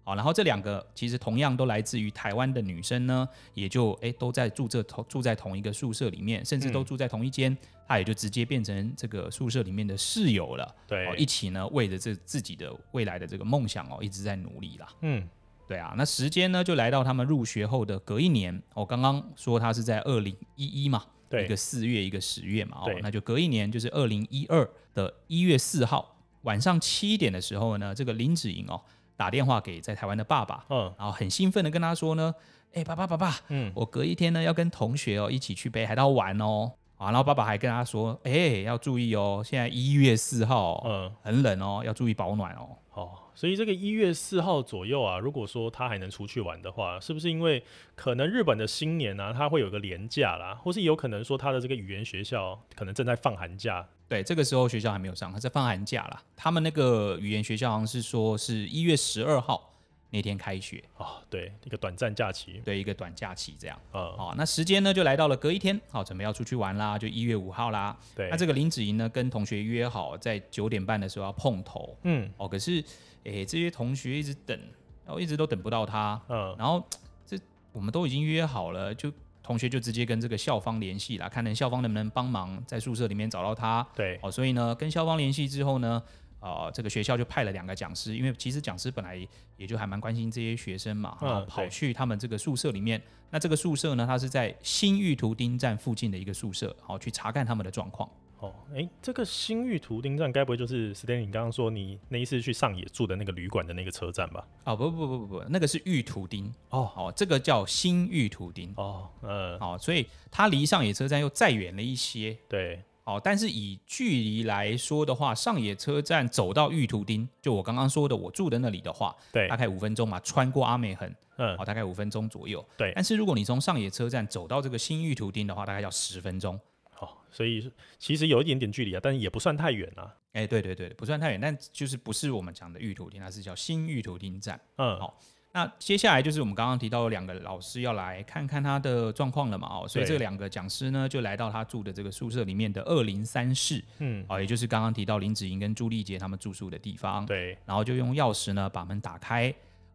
哦，然後這兩個其實同樣都來自於台灣的女生呢，也就誒、欸，都在住這同住在同一個宿舍裡面，甚至都住在同一間、嗯，他也就直接變成這個宿舍裡面的室友了。對，哦、一起呢為着這自己的未來的這個夢想哦，一直在努力啦。嗯。對啊，那時間呢就來到他們入學後的隔一年，我、哦、剛剛說他是在二零一一嘛，對，一個四月一個十月嘛，哦，那就隔一年就是二零一二的一月四號晚上七點的時候呢，這個林子穎哦打電話給在台灣的爸爸，嗯，然後很興奮的跟他說呢，哎，爸爸爸爸，嗯，我隔一天呢要跟同學哦一起去北海道玩哦，啊、嗯，然後爸爸還跟他說，哎，要注意哦，現在一月四號，嗯，很冷哦，要注意保暖哦。哦，所以這個一月四號左右啊，如果說他還能出去玩的話，是不是因為可能日本的新年呢、啊？他會有個連假啦，或是有可能說他的這個語言學校可能正在放寒假？對，這個時候學校還沒有上，他在放寒假啦。他們那個語言學校好像是說是一月十二號，那天開學哦，對，一個短暫假期，對，一個短假期這樣嗯，哦，那時間呢就來到了隔一天，好，哦，準備要出去玩啦，就一月五號啦。對，那這個林子瑩呢跟同學約好在九點半的時候要碰頭，嗯，哦，可是哎、欸、這些同學一直等，然後，哦，一直都等不到他，嗯，然後這我們都已經約好了，就同學就直接跟這個校方聯繫了，看能校方能不能幫忙在宿舍裡面找到他，對，哦，所以呢跟校方聯繫之後呢。呃，這個學校就派了兩個講師，因為其實講師本來也，也就還蠻關心這些學生嘛，然後跑去他們這個宿舍裡面。嗯、那這個宿舍呢，它是在新御徒町站附近的一個宿舍，好、哦、去查看他們的狀況。哦，哎、欸，這個新御徒町站該不會就是 Stan，你剛剛說你那一次去上野住的那個旅館的那個車站吧？啊、哦，不不不不不，那個是御徒町，哦哦，這個叫新御徒町哦，嗯、呃，哦，所以它離上野車站又再遠了一些。嗯、對。好，但是以距離來說的話，上野車站走到御徒町，就我剛剛說的我住的那裡的話，對，大概五分鐘嘛，穿過阿美橫，嗯，好，大概五分鐘左右。對，但是如果你從上野車站走到這個新御徒町的話，大概要十分鐘。好、哦，所以其實有一點點距離啊，但也不算太遠啊。誒、欸，對對對，不算太遠，但就是不是我們講的御徒町，它是叫新御徒町站。嗯，好。那接下來就是我們剛剛提到有兩個老師要來看看他的狀況了嘛，哦，所以這兩個講師呢，就來到他住的這個宿舍裡面的二零三室，嗯，啊、哦，也就是剛剛提到林子瑩跟朱麗杰他們住宿的地方，對，然後就用鑰匙呢把門打開，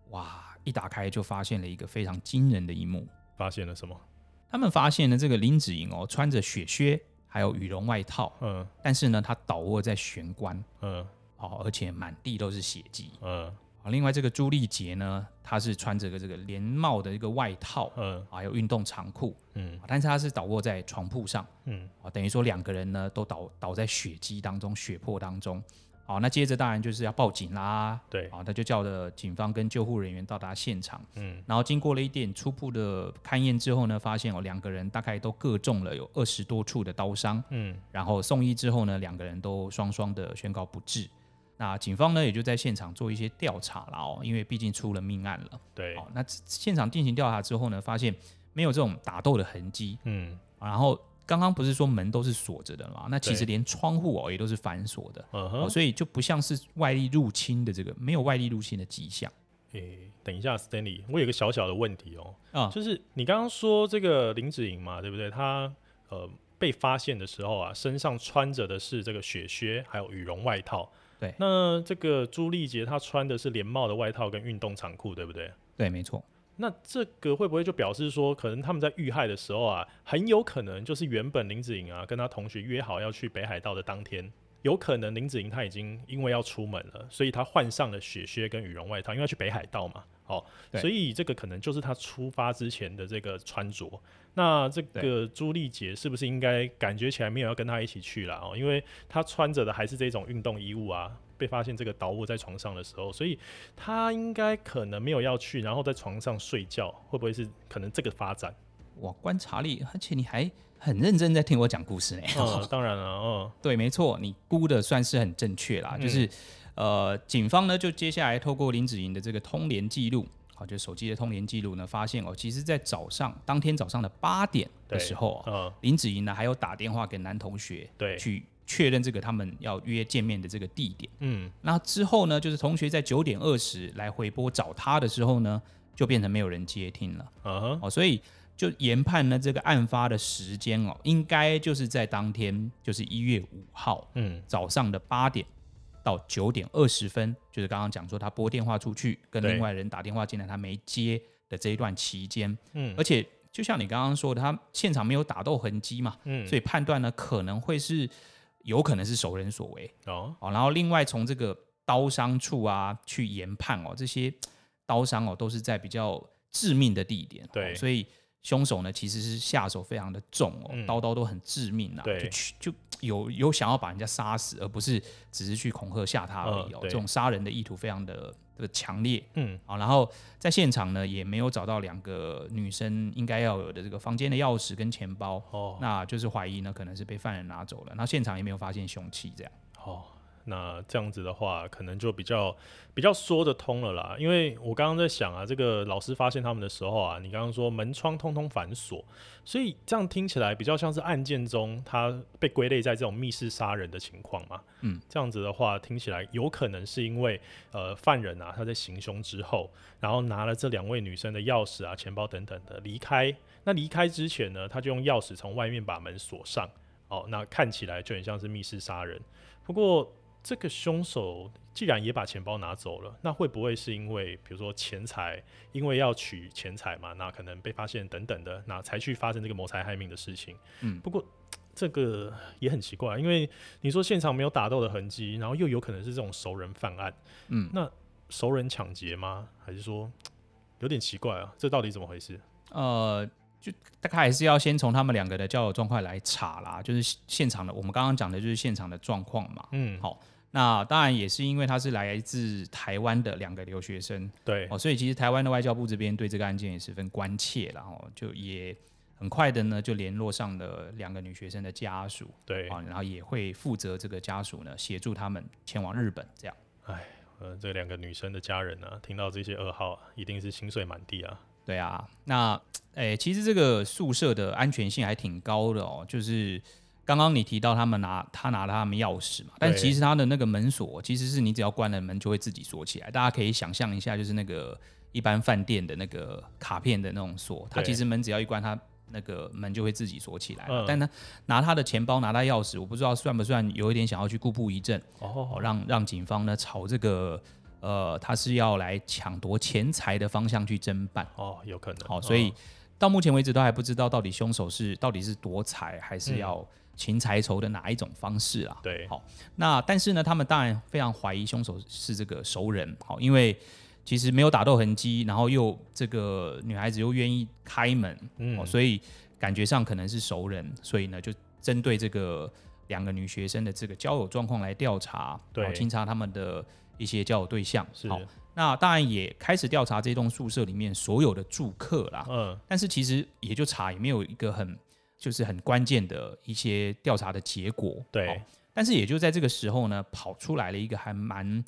哇，一打開就發現了一個非常驚人的一幕。發現了什麼？他們發現了這個林子瑩哦，穿着雪靴還有羽絨外套，嗯，但是呢，他倒臥在玄關，嗯，好、哦，而且滿地都是血跡，嗯。啊，另外這個朱麗杰呢，他是穿着個這個連帽的一個外套，嗯、呃，還、啊、有運動長褲，嗯，但是他是倒臥在床鋪上，嗯，啊，等於說兩個人呢都倒倒在血跡當中、血泊當中。好、啊，那接着當然就是要報警啦，對，啊，他就叫了警方跟救護人員到達現場，嗯，然後經過了一點初步的勘驗之後呢，發現哦、喔、兩個人大概都各中了有二十多處的刀傷，嗯，然後送醫之後呢，兩個人都雙雙的宣告不治。那警方呢也就在現場做一些調查啦，哦，因為畢竟出了命案了。對哦，那現場進行調查之後呢，發現沒有這種打鬥的痕跡。嗯，然後剛剛不是說門都是鎖着的嘛？那其實連窗戶哦，也都是反鎖的。嗯哼，喔，所以就不像是外力入侵的這個，沒有外力入侵的跡象。誒，等一下，Stanley，我有個小小的問題哦，啊，就是你剛剛說這個林子穎嘛，對不對？她呃被發現的時候啊，身上穿着的是這個雪靴，還有羽絨外套。對，那這個朱麗杰他穿的是連帽的外套跟運動長褲，對不對？對，沒錯。那這個會不會就表示說，可能他們在遇害的時候啊，很有可能就是原本林子穎啊跟他同學約好要去北海道的當天。有可能林子瑩她已經因為要出門了，所以她換上了雪靴跟羽絨外套，因為要去北海道嘛，哦，所以這個可能就是她出發之前的這個穿着。那這個朱麗姐是不是應該感覺起來沒有要跟她一起去了哦？因為她穿着的還是這種運動衣物啊，被發現這個倒臥在床上的時候，所以她應該可能沒有要去，然後在床上睡覺，會不會是可能這個發展？哇，觀察力，而且你還。很認真在聽我講故事呢、哦。當然了，嗯、哦，對，沒錯，你估的算是很正確啦、嗯。就是，呃，警方呢就接下來透過林子瑩的這個通聯記錄、哦，就手機的通聯記錄呢，發現哦，其實在早上當天早上的八點的時候，哦、林子瑩呢還有打電話給男同學，對，去確認這個他們要約見面的這個地點。嗯，那之後呢，就是同學在九點二十來回撥找他的時候呢，就變成沒有人接聽了。哦，哦所以。就研判呢，這個案發的時間哦、喔，應該就是在當天就、嗯，就是一月五號，嗯，早上的八點到九點二十分，就是剛剛講說他撥電話出去，跟另外人打電話進來，他沒接的這一段期間，嗯，而且就像你剛剛說的，他現場沒有打鬥痕迹嘛，嗯，所以判斷呢可能會是有可能是熟人所為哦、喔，然後另外從這個刀傷處啊去研判哦、喔，這些刀傷哦、喔、都是在比較致命的地點，對，喔、所以。兇手呢，其實是下手非常的重哦、喔、嗯，刀刀都很致命啊。就就有有想要把人家殺死，而不是只是去恐嚇嚇他而已哦、喔、呃。這種殺人的意圖非常的這個強烈，嗯，好。然後在現場呢，也沒有找到兩個女生應該要有的這個房間的鑰匙跟錢包、嗯、哦，那就是懷疑呢，可能是被犯人拿走了。那現場也沒有發現兇器這樣。哦那這樣子的話，可能就比較比較說得通了啦。因為我剛剛在想啊，這個老師發現他們的時候啊，你剛剛說門窗通通反鎖，所以這樣聽起來比較像是案件中他被歸類在這種密室殺人的情況嘛。嗯，這樣子的話聽起來有可能是因為呃犯人啊他在行凶之後，然後拿了這兩位女生的鑰匙啊、錢包等等的離開。那離開之前呢，他就用鑰匙從外面把門鎖上。哦，那看起來就很像是密室殺人。不過，這個兇手既然也把錢包拿走了，那會不會是因為比如說錢財，因為要取錢財嘛，那可能被發現等等的，那才去發生這個謀財害命的事情。嗯，不過這個也很奇怪，因為你說現場沒有打鬥的痕跡，然後又有可能是這種熟人犯案。嗯，那熟人搶劫嗎？還是說有點奇怪啊？這到底怎麼回事？呃。就大概還是要先從他們兩個的交友狀況來查啦，就是現場的，我們剛剛講的就是現場的狀況嘛。嗯，好，那當然也是因為他是來自台灣的兩個留學生，對，哦，所以其實台灣的外交部這邊對這個案件也十分關切啦，哦，就也很快的呢就聯絡上了兩個女學生的家屬，對，啊，然後也會負責這個家屬呢協助他們前往日本這樣。哎，呃，這兩個女生的家人啊，聽到這些噩耗，一定是心碎滿地啊。對啊，那誒、欸，其實這個宿舍的安全性還挺高的哦、喔。就是剛剛你提到他們拿他拿了他們鑰匙嘛，但其實他的那個門鎖其實是你只要關了門就會自己鎖起來。大家可以想象一下，就是那個一般飯店的那個卡片的那種鎖，它其實門只要一關，它那個門就會自己鎖起來。嗯、但呢，拿他的錢包，拿他鑰匙，我不知道算不算有一點想要去故布疑陣、哦哦，哦，讓讓警方呢朝這個。呃，他是要來搶奪錢財的方向去偵辦哦，有可能好、哦，所以、哦、到目前為止都還不知道到底兇手是到底是奪財還是要情財仇的哪一種方式啊？嗯、對，好、哦，那但是呢，他們當然非常懷疑兇手是這個熟人，好、哦，因為其實沒有打鬥痕跡，然後又這個女孩子又願意開門，嗯，哦、所以感覺上可能是熟人，所以呢就針對這個兩個女學生的這個交友狀況來調查，對，清查他們的。一些交友對象，好、哦，那當然也開始調查這棟宿舍裡面所有的住客啦。嗯，但是其實也就查也沒有一個很，就是很關鍵的一些調查的結果。對、哦，但是也就在這個時候呢，跑出來了一個還蠻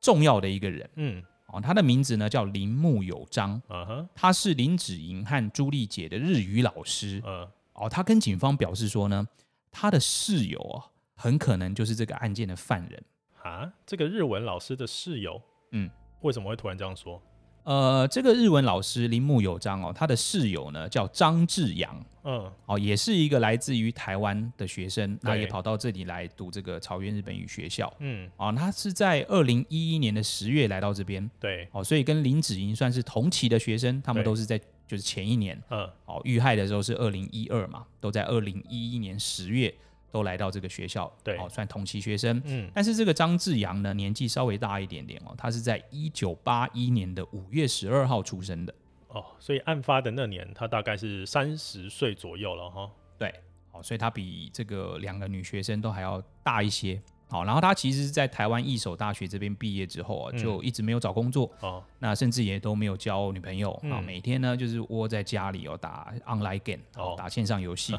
重要的一個人。嗯，哦，他的名字呢叫林木有章。嗯哼，他是林子瑩和朱麗姐的日語老師。嗯，哦，他跟警方表示說呢，他的室友啊很可能就是這個案件的犯人。啊，這個日文老師的室友，嗯，為什麼會突然這樣說？呃，這個日文老師鈴木友章哦，他的室友呢叫張志陽，嗯，哦，也是一個來自於台灣的學生，他也跑到這裡來讀這個朝元日本語學校，嗯，哦，他是在二零一一年的十月來到這邊，對，哦，所以跟林子瑩算是同期的學生，他們都是在就是前一年，嗯，哦，遇害的時候是二零一二嘛，都在二零一一年十月，都來到這個學校，對，哦，算同期學生，嗯，但是這個張志陽呢，年紀稍微大一點點哦，他是在一九八一年的五月十二號出生的，哦，所以案發的那年他大概是三十歲左右了哈，對，哦，所以他比這個兩個女學生都還要大一些，好、哦，然後他其實是在台灣義守大學這邊畢業之後啊，就一直沒有找工作，嗯、哦，那甚至也都沒有交女朋友啊、嗯哦，每天呢就是窩在家裡哦，打 online game，哦，哦打線上遊戲，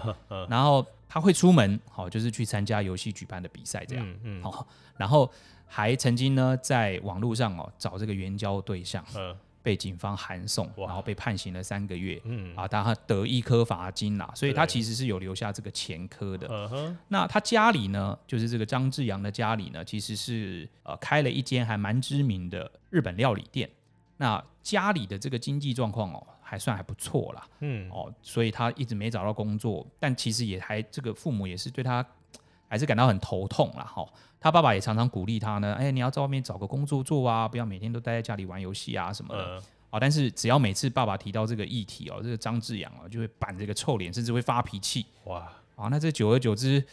然後。他會出門，好、哦，就是去參加遊戲舉辦的比賽，這樣，好、嗯嗯哦，然後還曾經呢，在網絡上哦找這個援交對象，嗯、被警方函送，然後被判刑了三個月，嗯啊，他得一科罰金啦、嗯，所以他其實是有留下這個前科的。那他家裡呢，就是這個張志揚的家裡呢，其實是呃開了一間還蠻知名的日本料理店，那家裡的這個經濟狀況哦。還算還不錯啦。嗯哦，所以他一直沒找到工作，但其實也還這個父母也是對他還是感到很頭痛啦。哦、他爸爸也常常鼓勵他呢，哎、欸，你要在外面找個工作做啊，不要每天都待在家裡玩遊戲啊什麼的啊，嗯哦。但是只要每次爸爸提到這個議題哦，這個張志陽哦，就會板著個臭臉，甚至會發脾氣。哇啊，哦，那這久而久之，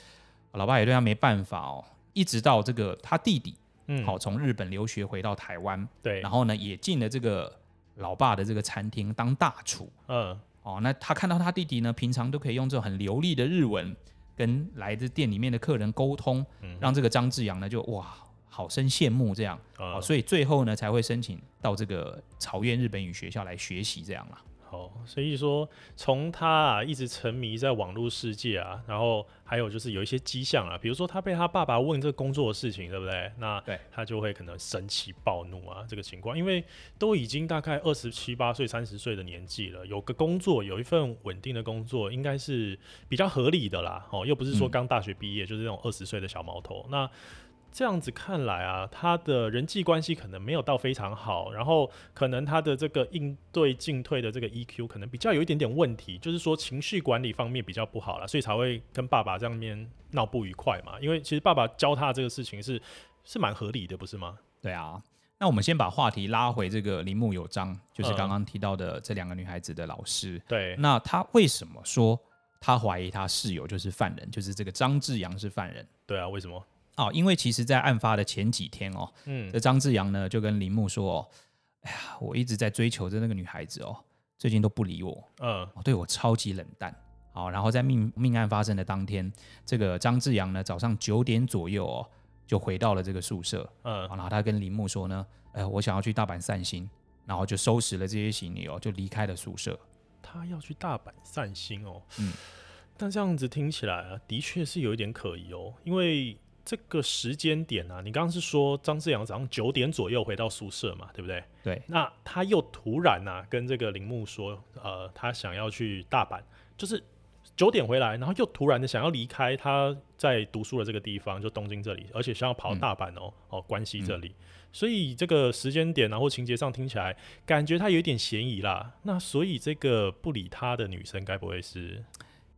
老爸也對他沒辦法哦。一直到這個他弟弟，嗯，好、哦，從日本留學回到台灣，對、嗯，然後呢也進了這個。老爸的這個餐廳當大廚，嗯，哦，那他看到他弟弟呢，平常都可以用這種很流利的日文跟來自店裡面的客人溝通，嗯，讓這個張志揚呢，就哇，好生羨慕這樣，嗯，哦，所以最後呢，才會申請到這個草苑日本語學校來學習這樣了。所以說從他啊一直沉迷在網絡世界啊，然後還有就是有一些跡象啊，比如說他被他爸爸問這個工作的事情，對不對？那對，他就會可能生氣暴怒啊，這個情況，因為都已經大概二十七八歲、三十歲的年紀了，有個工作，有一份穩定的工作，應該是比較合理的啦。哦、喔，又不是說剛大學畢業、嗯、就是那種二十歲的小毛頭那。這樣子看來啊，他的人際關係可能沒有到非常好，然後可能他的這個應對進退的這個 EQ 可能比較有一點點問題，就是說情緒管理方面比較不好了，所以才會跟爸爸這樣面鬧不愉快嘛。因為其實爸爸教他的這個事情是是蠻合理的，不是嗎？對啊。那我們先把話題拉回這個鈴木有章，就是剛剛提到的這兩個女孩子的老師。嗯，對。那他為什麼說他懷疑他室友就是犯人，就是這個張志陽是犯人？對啊，為什麼？哦，因為其實，在案發的前幾天哦，嗯，這張志陽呢就跟林木說、哦：“哎呀，我一直在追求着那個女孩子哦，最近都不理我，嗯，哦、對我超級冷淡。哦”好，然後在命、嗯、命案發生的當天，這個張志陽呢早上九點左右哦，就回到了這個宿舍，嗯，然後他跟林木說呢：“哎，我想要去大阪散心，然後就收拾了這些行李哦，就離開了宿舍。”他要去大阪散心哦，嗯，但這樣子聽起來啊，的確是有一點可疑哦，因為。這個時間點啊，你剛剛是說張志陽早上九點左右回到宿舍嘛？對不對？對。那他又突然呢、啊，跟這個鈴木說，呃，他想要去大阪，就是九點回來，然後又突然的想要離開他在讀書的這個地方，就東京這裡，而且想要跑大阪哦、嗯，哦，關西這裡。嗯、所以這個時間點然、啊、後情節上聽起來，感覺他有一點嫌疑啦。那所以這個不理他的女生，該不會是？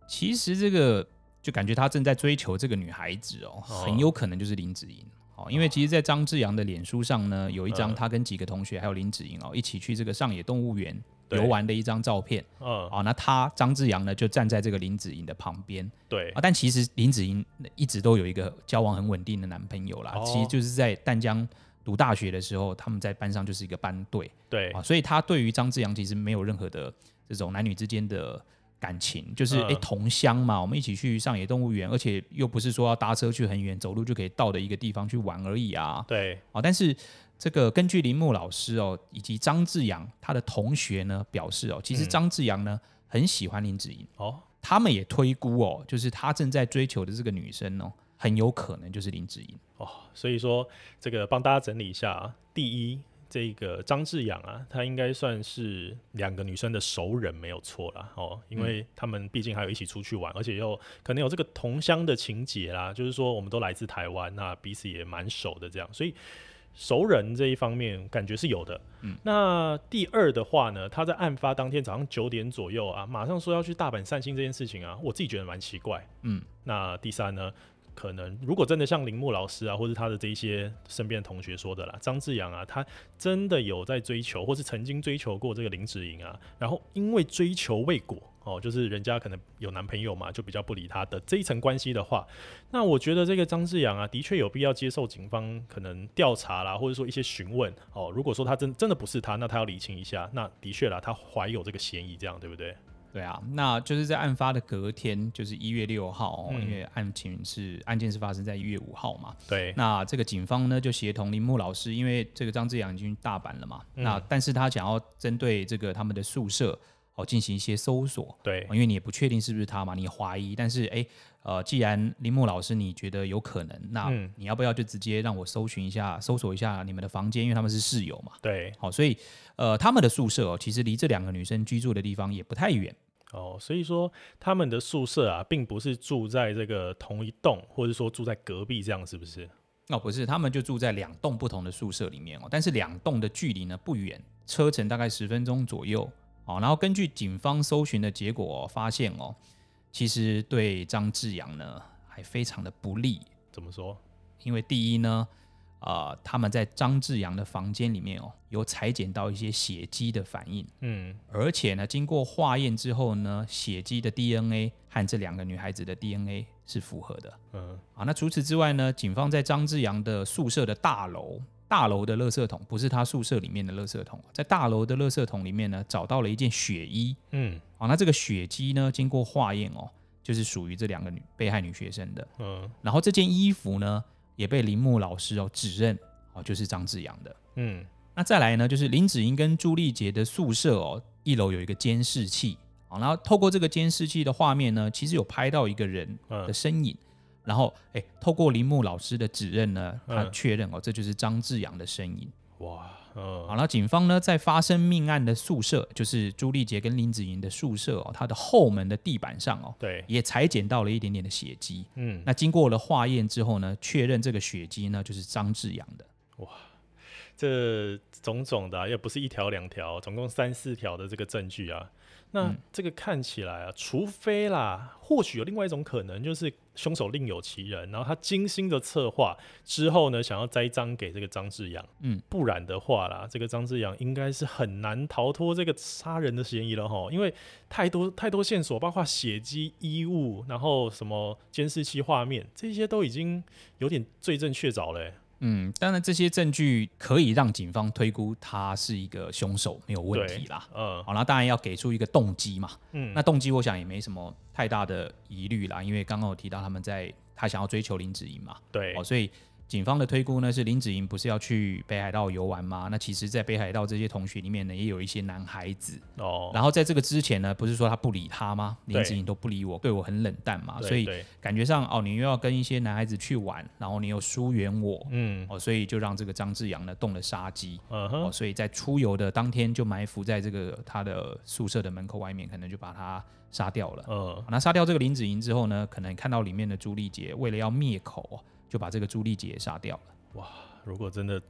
其實這個。就感覺他正在追求這個女孩子哦，很有可能就是林子穎哦、嗯，因為其實，在張志揚的臉書上呢，有一張他跟幾個同學、嗯、還有林子穎哦一起去這個上野動物園遊玩的一張照片。嗯啊、那他張志揚呢就站在這個林子穎的旁邊。對、啊，但其實林子穎一直都有一個交往很穩定的男朋友啦、哦，其實就是在淡江讀大學的時候，他們在班上就是一個班對。對啊，所以他對於張志揚其實沒有任何的這種男女之間的。感情就是誒、嗯，同鄉嘛，我們一起去上野動物園，而且又不是說要搭車去很遠，走路就可以到的一個地方去玩而已啊。對，啊、哦，但是這個根據林木老師哦，以及張志陽他的同學呢表示哦，其實張志陽呢、嗯、很喜歡林志穎哦，他們也推估哦，就是他正在追求的這個女生哦，很有可能就是林志穎哦，所以說這個幫大家整理一下，啊，第一，這個張志揚啊，他應該算是兩個女生的熟人沒有錯啦，哦，因為他們畢竟還有一起出去玩，嗯、而且又可能有這個同鄉的情節啦，就是說我們都來自台灣，那彼此也蠻熟的這樣，所以熟人這一方面感覺是有的。嗯，那第二的話呢，他在案發當天早上九點左右啊，馬上說要去大阪散心這件事情啊，我自己覺得蠻奇怪。嗯，那第三呢？可能如果真的像林木老師啊，或是他的這一些身邊的同學說的啦，張志陽啊，他真的有在追求，或是曾經追求過這個林志穎啊，然後因為追求未果，哦，就是人家可能有男朋友嘛，就比較不理他的這一層關係的話，那我覺得這個張志陽啊，的確有必要接受警方可能調查啦，或者說一些詢問哦。如果說他真真的不是他，那他要釐清一下，那的確啦，他懷有這個嫌疑，這樣對不對？對啊，那就是在案發的隔天，就是一月六號、哦嗯，因為案情是案件是發生在一月五號嘛。對，那這個警方呢就協同林木老師，因為這個張志陽已經大阪了嘛。嗯、那但是他想要針對這個他們的宿舍哦進行一些搜索。對，哦、因為你也不確定是不是他嘛，你懷疑，但是哎。欸呃，既然林木老師你覺得有可能，那你要不要就直接讓我搜尋一下，嗯，搜索一下你們的房間，因為他們是室友嘛。對，好，哦，所以呃，他們的宿舍，哦、其實離這兩個女生居住的地方也不太遠。哦，所以說他們的宿舍啊，並不是住在這個同一棟，或者說住在隔壁這樣，是不是？那，哦、不是，他們就住在兩棟不同的宿舍裡面哦。但是兩棟的距離呢，不遠，車程大概十分鐘左右。哦。然後根據警方搜尋的結果，哦、發現哦。其實對張志陽呢還非常的不利，怎麼說？因為第一呢，啊、呃，他們在張志陽的房間裡面哦，有採檢到一些血跡的反應，嗯，而且呢，經過化驗之後呢，血跡的 DNA 和這兩個女孩子的 DNA 是符合的，嗯，啊，那除此之外呢，警方在張志陽的宿舍的大樓。大樓的垃圾桶不是他宿舍裡面的垃圾桶，在大樓的垃圾桶裡面呢，找到了一件血衣。嗯，好、啊，那這個血跡呢，經過化驗哦，就是屬於這兩個女被害女學生的。嗯，然後這件衣服呢，也被鈴木老師哦指認哦、啊，就是張志揚的。嗯，那再來呢，就是林子英跟朱麗傑的宿舍哦，一樓有一個監視器。好、啊，然後透過這個監視器的畫面呢，其實有拍到一個人的身影。嗯然後，哎，透過鈴木老師的指認呢，他確認哦，嗯、這就是張志陽的聲音。哇，嗯、哦，好了，警方呢，在發生命案的宿舍，就是朱麗傑跟林子瑩的宿舍哦，他的後門的地板上哦，對，也採檢到了一點點的血跡。嗯，那經過了化驗之後呢，確認這個血跡呢就是張志陽的。哇，這種種的又、啊、不是一條兩條，總共三四條的這個證據啊。那這個看起來啊，嗯、除非啦，或許有另外一種可能，就是兇手另有其人，然後他精心的策劃之後呢，想要栽贓給這個張志揚，嗯，不然的話啦，這個張志揚應該是很難逃脫這個殺人的嫌疑了吼，因為太多太多線索，包括血跡、衣物，然後什麼監視器畫面，這些都已經有點罪證確鑿了、欸。嗯，當然這些證據可以讓警方推估他是一個兇手，沒有問題啦。嗯、呃，好，那當然要給出一個動機嘛。嗯，那動機我想也沒什麼太大的疑慮啦，因為剛剛有提到他們在他想要追求林子怡嘛。對，哦，所以。警方的推估呢，是林子瑩不是要去北海道遊玩嗎？那其實，在北海道這些同學裡面呢，也有一些男孩子哦。然後在這個之前呢，不是說他不理他嗎？林子瑩都不理我，對我很冷淡嘛。對對，所以感覺上哦，你又要跟一些男孩子去玩，然後你又疏遠我，嗯，哦，所以就讓這個張志揚呢動了殺機，嗯哼、哦。所以在出遊的當天就埋伏在這個他的宿舍的門口外面，可能就把他殺掉了。呃、嗯，那殺掉這個林子瑩之後呢，可能看到裡面的朱麗傑為了要滅口。就把這個朱麗姐殺掉了。哇！如果真的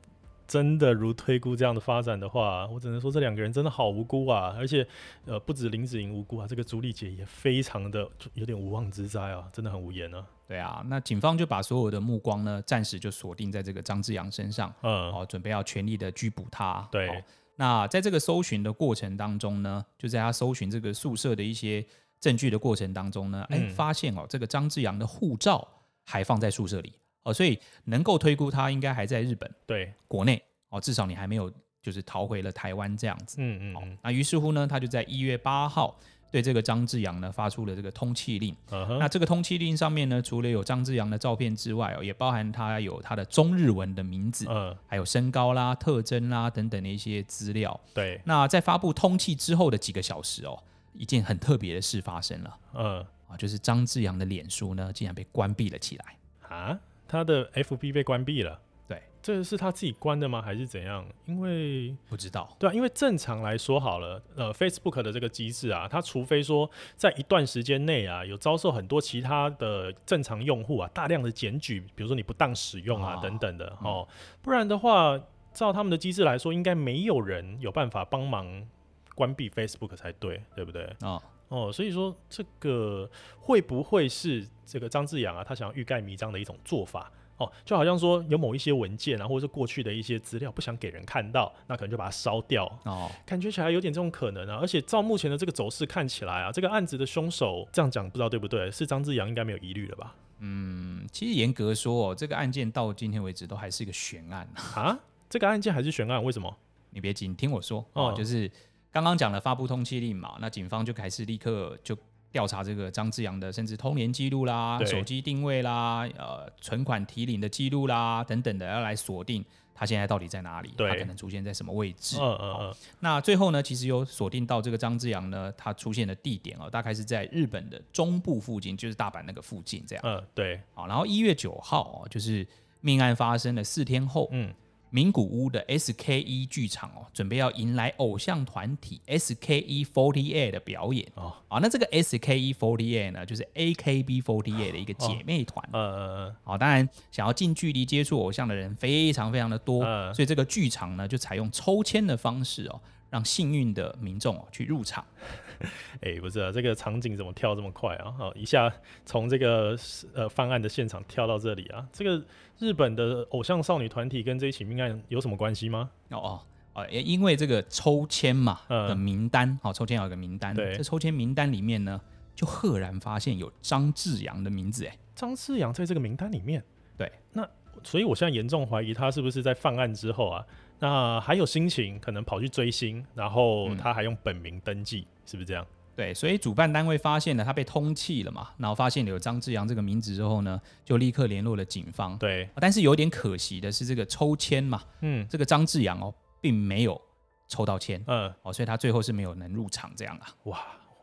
真的如推估這樣的發展的話，我只能說這兩個人真的好無辜啊！而且，呃，不止林子瑩無辜啊，這個朱麗姐也非常的有點無妄之災啊，真的很無言啊。對啊，那警方就把所有的目光呢，暫時就鎖定在這個張志陽身上。嗯，好、哦，準備要全力的拘捕他。對。哦、那在這個搜尋的過程當中呢，就在他搜尋這個宿舍的一些證據的過程當中呢，哎、嗯欸，發現哦，這個張志陽的護照還放在宿舍裡。哦、所以能夠推估他應該還在日本，對國內哦，至少你還沒有就是逃回了台灣這樣子。嗯嗯。哦、那於是乎呢，他就在一月八號對這個張志陽呢發出了這個通緝令。啊。那這個通緝令上面呢，除了有張志陽的照片之外，哦，也包含他有他的中日文的名字，啊、還有身高啦、特徵啦等等的一些資料。對。那在發布通緝之後的幾個小時哦，一件很特別的事發生了。嗯、啊。啊，就是張志陽的臉書呢，竟然被關閉了起來。啊？他的 FB 被關閉了，對，這個是他自己關的嗎，還是怎樣？因為不知道，對啊，因為正常來說好了，呃，Facebook 的這個機制啊，它除非說在一段時間內啊，有遭受很多其他的正常用戶啊大量的檢舉，比如說你不當使用啊、哦、等等的哦、嗯，不然的話，照他們的機制來說，應該沒有人有辦法幫忙關閉 Facebook 才對，對不對啊？哦哦，所以說這個會不會是這個張志陽啊，他想要欲蓋彌彰的一種做法，哦，就好像說有某一些文件啊，或者是過去的一些資料不想給人看到，那可能就把它燒掉哦，感覺起來有點這種可能啊。而且照目前的這個走勢看起來啊，這個案子的兇手，這樣講不知道對不對？是張志陽應該沒有疑慮了吧？嗯，其實嚴格說哦，這個案件到今天為止都還是一個懸案啊， (laughs) 這個案件還是懸案，為什麼？你別急，你聽我說哦，哦，就是。剛剛講了發布通緝令嘛，那警方就開始立刻就調查這個張志揚的，甚至通聯記錄啦、手機定位啦、呃存款提領的記錄啦等等的，要來鎖定他現在到底在哪裡，他可能出現在什麼位置。嗯嗯嗯。那最後呢，其實有鎖定到這個張志揚呢，他出現的地點哦、喔，大概是在日本的中部附近，就是大阪那個附近這樣。嗯，對。好，然後一月九號喔，就是命案發生的四天後。嗯。名古屋的 SKE 劇場哦，準備要迎來偶像團體 SKE 48的表演哦。Oh. 啊，那這個 SKE 48呢，就是 AKB 48的一個姐妹團。嗯嗯嗯。好，當然想要近距離接觸偶像的人非常非常的多，uh -uh. 所以這個劇場呢，就採用抽籤的方式哦，讓幸運的民眾哦去入場。哎、欸，不是、啊，這個場景怎麼跳這麼快啊？好，一下從這個呃犯案的現場跳到這裡啊，這個日本的偶像少女團體跟這一起命案有什麼關係嗎？哦哦、呃、因為這個抽籤嘛的名單，好、嗯哦，抽籤有一個名單，對，這抽籤名單裡面呢，就赫然發現有張志陽的名字、欸，哎，張志陽在這個名單裡面，對，那所以我現在嚴重懷疑他是不是在犯案之後啊？那、呃、還有心情可能跑去追星，然後他還用本名登記、嗯，是不是這樣？對，所以主辦單位發現了他被通緝了嘛，然後發現了有張志陽這個名字之後呢，就立刻聯絡了警方。對，但是有點可惜的是，這個抽籤嘛，嗯，這個張志陽哦，並沒有抽到籤，嗯，哦，所以他最後是沒有能入場這樣啊。哇，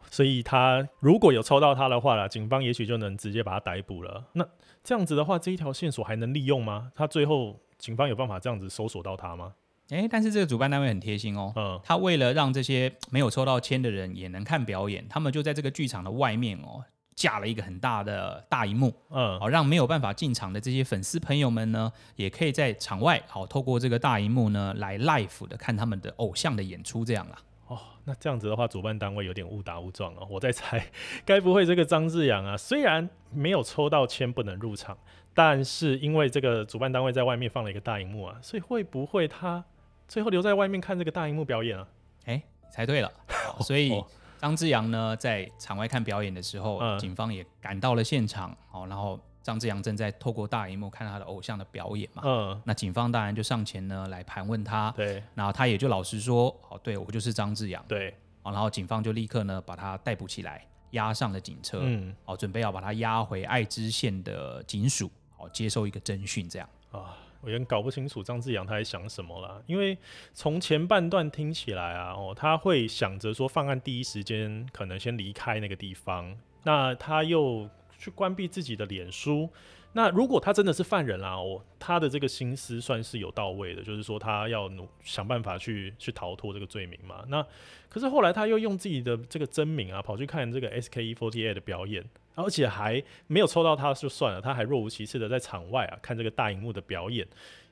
所以他如果有抽到他的話啦，警方也許就能直接把他逮捕了。那這樣子的話，這一條線索還能利用嗎？他最後警方有辦法這樣子搜索到他嗎？誒，但是這個主辦單位很貼心哦，嗯，他為了讓這些沒有抽到籤的人也能看表演，他們就在這個劇場的外面哦，架了一個很大的大熒幕，嗯，好、哦、讓沒有辦法進場的這些粉絲朋友們呢，也可以在場外好、哦、透過這個大熒幕呢來 live 的看他們的偶像的演出這樣啦、啊，哦，那這樣子的話，主辦單位有點誤打誤撞哦，我在猜，該不會這個張志陽啊，雖然沒有抽到籤不能入場，但是因為這個主辦單位在外面放了一個大熒幕啊，所以會不會他最後留在外面看這個大熒幕表演啊？哎、欸，猜對了。 (laughs) 所以張志陽呢，在場外看表演的時候，哦、警方也趕到了現場。好、嗯哦，然後張志陽正在透過大熒幕看他的偶像的表演嘛。嗯、那警方當然就上前呢來盤問他。對。然後他也就老實說，哦，對，我就是張志陽對、哦。然後警方就立刻呢把他逮捕起來，押上了警車。嗯。哦、準備要把他押回愛知縣的警署，好、哦、接受一個偵訊這樣。啊、哦。我有點搞不清楚張智陽他在想什麼啦，因為從前半段聽起來啊，哦，他會想着說犯案第一時間可能先離開那個地方，那他又去關閉自己的臉書，那如果他真的是犯人啦，哦，他的這個心思算是有到位的，就是說他要努想辦法去去逃脫這個罪名嘛。那可是後來他又用自己的這個真名啊跑去看這個 S K E forty eight 的表演。而且還沒有抽到他就算了，他還若無其事的在場外啊看這個大熒幕的表演，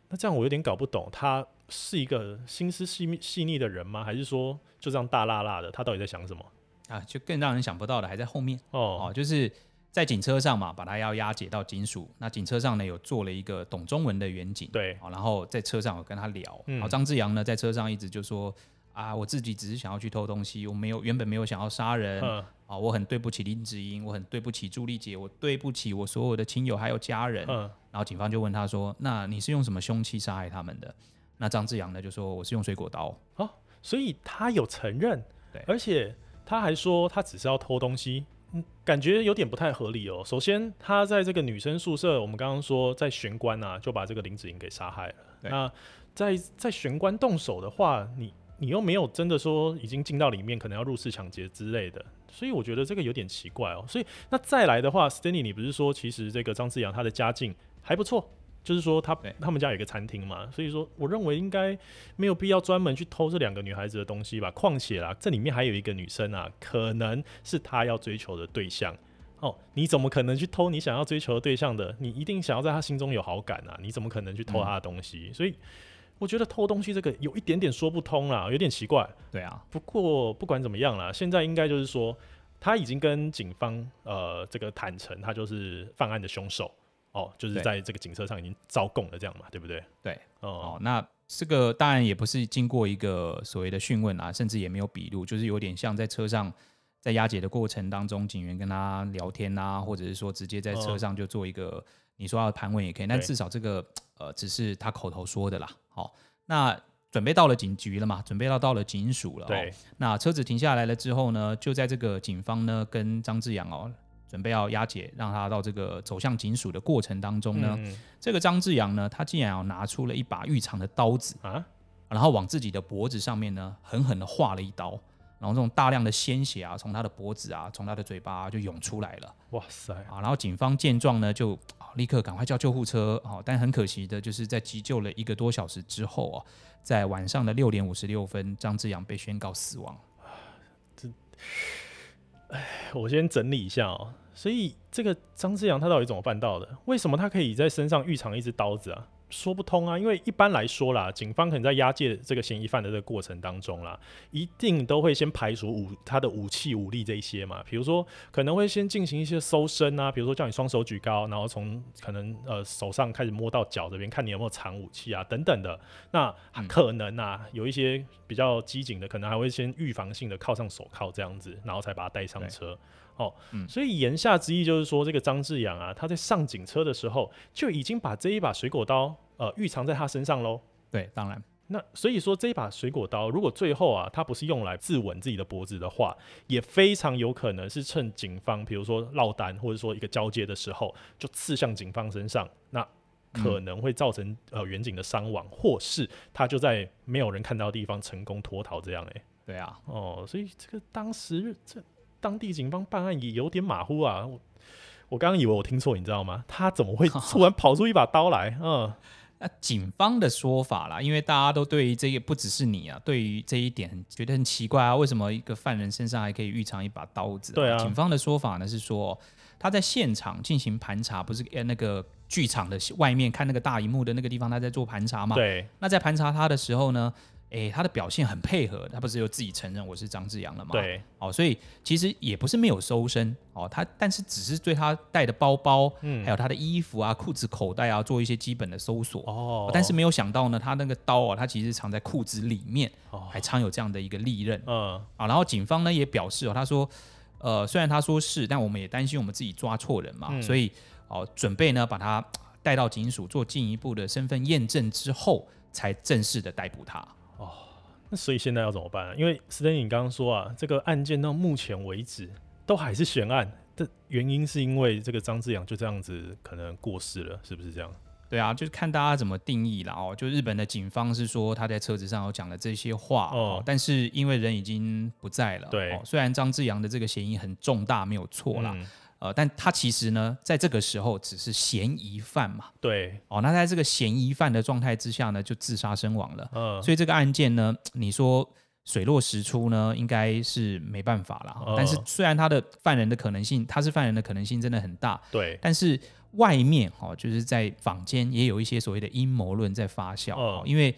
那這樣我有點搞不懂，他是一個心思細細膩的人嗎？還是說就這樣大辣辣的，他到底在想什麼啊？就更讓人想不到的還在後面哦、啊，就是在警車上嘛，把他要押解到警署。那警車上呢有坐了一個懂中文的員警。對、啊，然後在車上有跟他聊，嗯、然後張志揚呢在車上一直就說啊，我自己只是想要去偷東西，我沒有原本沒有想要殺人。嗯我很對不起林子英，我很對不起朱麗姐，我對不起我所有的親友還有家人。嗯，然後警方就問他說：“那你是用什麼兇器殺害他們的？”那張志揚呢就說：“我是用水果刀。”哦，所以他有承認，對，而且他還說他只是要偷東西，感覺有點不太合理哦。首先，他在這個女生宿舍，我們剛剛說在玄關啊，就把這個林子英給殺害了。那在在玄關動手的話，你你又沒有真的說已經進到裡面，可能要入室搶劫之類的。所以我覺得這個有點奇怪哦。所以那再來的話 Stanley，你不是說其實這個張智揚他的家境還不錯，就是說他他們家有一個餐廳嘛。所以說，我認為應該沒有必要專門去偷這兩個女孩子的東西吧。況且啦，這裡面還有一個女生啊，可能是他要追求的對象哦。你怎麼可能去偷你想要追求的對象的？你一定想要在他心中有好感啊。你怎麼可能去偷他的東西？所以。我覺得偷東西這個有一點點說不通啦，有點奇怪。對啊，不過不管怎麼樣啦，現在應該就是說他已經跟警方呃這個坦承，他就是犯案的兇手哦，就是在這個警車上已經招供了這樣嘛，對不對？對、嗯，哦，那這個當然也不是經過一個所謂的訊問啊，甚至也沒有筆錄，就是有點像在車上在押解的過程當中，警員跟他聊天啊，或者是說直接在車上就做一個、嗯、你說要盤問也可以，但至少這個呃只是他口頭說的啦。好、哦，那準備到了警局了嘛？準備要到了警署了，哦。對，那車子停下來了之後呢，就在這個警方呢跟張志揚哦，準備要押解，讓他到這個走向警署的過程當中呢，嗯、這個張志揚呢，他竟然要拿出了一把浴長的刀子啊，然後往自己的脖子上面呢狠狠的劃了一刀，然後這種大量的鮮血啊，從他的脖子啊，從他的嘴巴、啊、就湧出來了。哇塞啊！然後警方見狀呢，就立刻趕快叫救護車！好，但很可惜的就是，在急救了一個多小時之後啊，在晚上的六點五十六分，張志陽被宣告死亡。這，哎，我先整理一下哦。所以，這個張志陽他到底怎麼辦到的？為什麼他可以在身上預藏一支刀子啊？說不通啊，因為一般來說啦，警方可能在押解這個嫌疑犯的這個過程當中啦，一定都會先排除武他的武器、武力這一些嘛，比如說可能會先進行一些搜身啊，比如說叫你雙手舉高，然後從可能呃手上開始摸到腳這邊，看你有沒有藏武器啊等等的。那可能啊、嗯，有一些比較機警的，可能還會先預防性的銬上手銬這樣子，然後才把他帶上車。哦、嗯，所以言下之意就是說，這個張志揚啊，他在上警車的時候就已經把這一把水果刀。呃，預藏在他身上嘍？對，當然。那所以說，這一把水果刀，如果最後啊，他不是用來自刎自己的脖子的話，也非常有可能是趁警方，比如說落單或者說一個交接的時候，就刺向警方身上，那、嗯、可能會造成呃，員警的傷亡，或是他就在沒有人看到的地方成功脫逃這樣哎、欸。對啊，哦，所以這個當時這當地警方辦案也有點馬虎啊。我我剛剛以為我聽錯，你知道嗎？他怎麼會突然跑出一把刀來？ (laughs) 嗯。那警方的說法啦，因為大家都對於這個不只是你啊，對於這一點覺得很奇怪啊，為什麼一個犯人身上還可以預藏一把刀子啊？對啊。警方的說法呢是說，他在現場進行盤查，不是呃那個劇場的外面看那個大熒幕的那個地方，他在做盤查嘛。對。那在盤查他的時候呢？哎、欸，他的表現很配合，他不是又自己承認我是張志陽了嗎？對，哦，所以其實也不是沒有搜身哦，他但是只是對他帶的包包、嗯，還有他的衣服啊、褲子、口袋啊做一些基本的搜索哦，但是沒有想到呢，他那個刀啊、哦，他其實藏在褲子裡面，哦、還藏有這樣的一個利刃，嗯，啊、哦，然後警方呢也表示哦，他說，呃，雖然他說是，但我們也擔心我們自己抓錯人嘛，嗯、所以哦，準備呢把他帶到警署做進一步的身份驗證之後，才正式的逮捕他。所以現在要怎麼辦？啊、因為 Stanley 剛剛說啊，這個案件到目前為止都還是懸案的原因，是因為這個張志揚就這樣子可能過世了，是不是這樣？對啊，就是看大家怎麼定義了哦、喔。就日本的警方是說他在車子上有講的這些話，喔喔，但是因為人已經不在了。對，喔、雖然張志揚的這個嫌疑很重大，沒有錯啦。嗯呃，但他其實呢，在這個時候只是嫌疑犯嘛。對。哦，那在這個嫌疑犯的狀態之下呢，就自殺身亡了。嗯。所以這個案件呢，你說水落石出呢，應該是沒辦法了。嗯。但是雖然他的犯人的可能性，他是犯人的可能性真的很大。對。但是外面哦，就是在坊間也有一些所謂的陰謀論在發酵。嗯。因為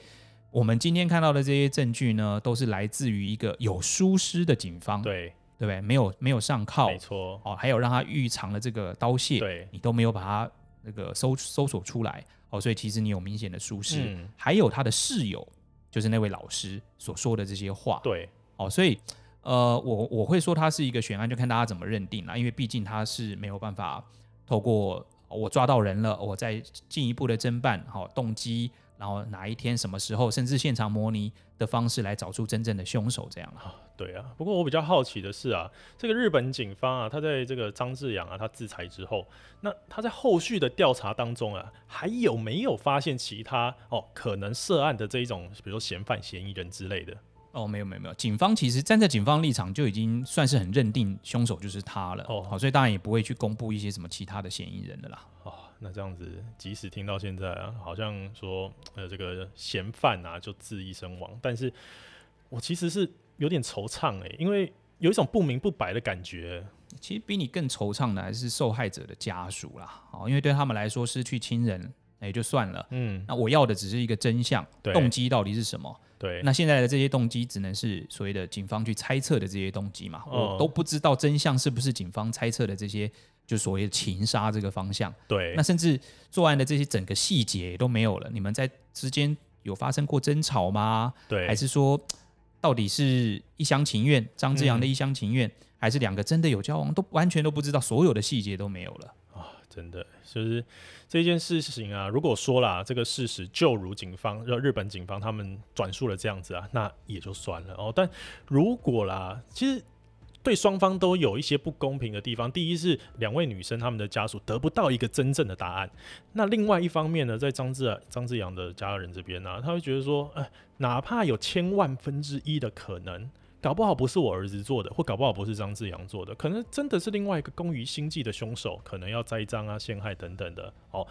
我們今天看到的這些證據呢，都是來自於一個有疏失的警方。對。對不對？沒有沒有上銬，沒錯，哦，還有讓他預藏的這個刀械，你都沒有把它那個搜搜索出來哦，所以其實你有明顯的疏失，嗯，還有他的室友，就是那位老師所說的這些話，對，哦，所以呃，我我會說他是一個懸案，就看大家怎麼認定了，因為畢竟他是沒有辦法透過，哦、我抓到人了，我再進一步的偵辦，好，哦、動機。然後哪一天什麼時候，甚至現場模擬的方式來找出真正的兇手，這樣哈、啊哦，對啊。不過我比較好奇的是啊，這個日本警方啊，他在這個張志陽啊他自裁之後，那他在後續的調查當中啊，還有沒有發現其他哦可能涉案的這一種，比如說嫌犯、嫌疑人之類的？哦，沒有沒有沒有，警方其實站在警方立場就已經算是很認定凶手就是他了。哦，好，所以當然也不會去公布一些什麼其他的嫌疑人了啦。哦。那這樣子，即使聽到現在啊，好像說，呃，這個嫌犯啊就自縊身亡，但是我其實是有點惆悵哎、欸，因為有一種不明不白的感覺。其實比你更惆悵的還是受害者的家屬啦，哦，因為對他們來說失去親人也、欸、就算了，嗯，那我要的只是一個真相，對動機到底是什麼？對，那現在的這些動機只能是所謂的警方去猜測的這些動機嘛、哦，我都不知道真相是不是警方猜測的這些。就所謂的情殺這個方向，對，那甚至作案的這些整個細節也都沒有了。你們在之間有發生過爭吵嗎？對，還是說，到底是一廂情願？張志陽的一廂情願、嗯，還是兩個真的有交往？都完全都不知道，所有的細節都沒有了啊、哦！真的，就是這件事情啊。如果說啦，這個事實就如警方、讓日本警方他們轉述了這樣子啊，那也就算了哦。但如果啦，其實。對雙方都有一些不公平的地方，第一是兩位女生她們的家屬得不到一個真正的答案。那另外一方面呢，在張志張志揚的家人這邊呢、啊，他會覺得說，哎，哪怕有千萬分之一的可能，搞不好不是我兒子做的，或搞不好不是張志揚做的，可能真的是另外一個工於心計的凶手，可能要栽贓啊、陷害等等的。哦，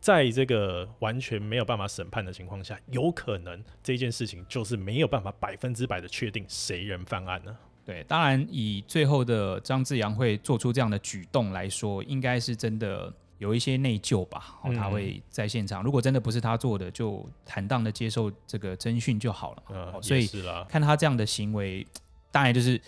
在這個完全沒有辦法審判的情況下，有可能這件事情就是沒有辦法百分之百的確定誰人犯案呢？對，當然以最後的張志陽會做出這樣的舉動來說，應該是真的有一些內疚吧。哦，嗯、他會在現場。如果真的不是他做的，就坦蕩的接受這個偵訊就好了。嗯哦、所以看他這樣的行為，當然就是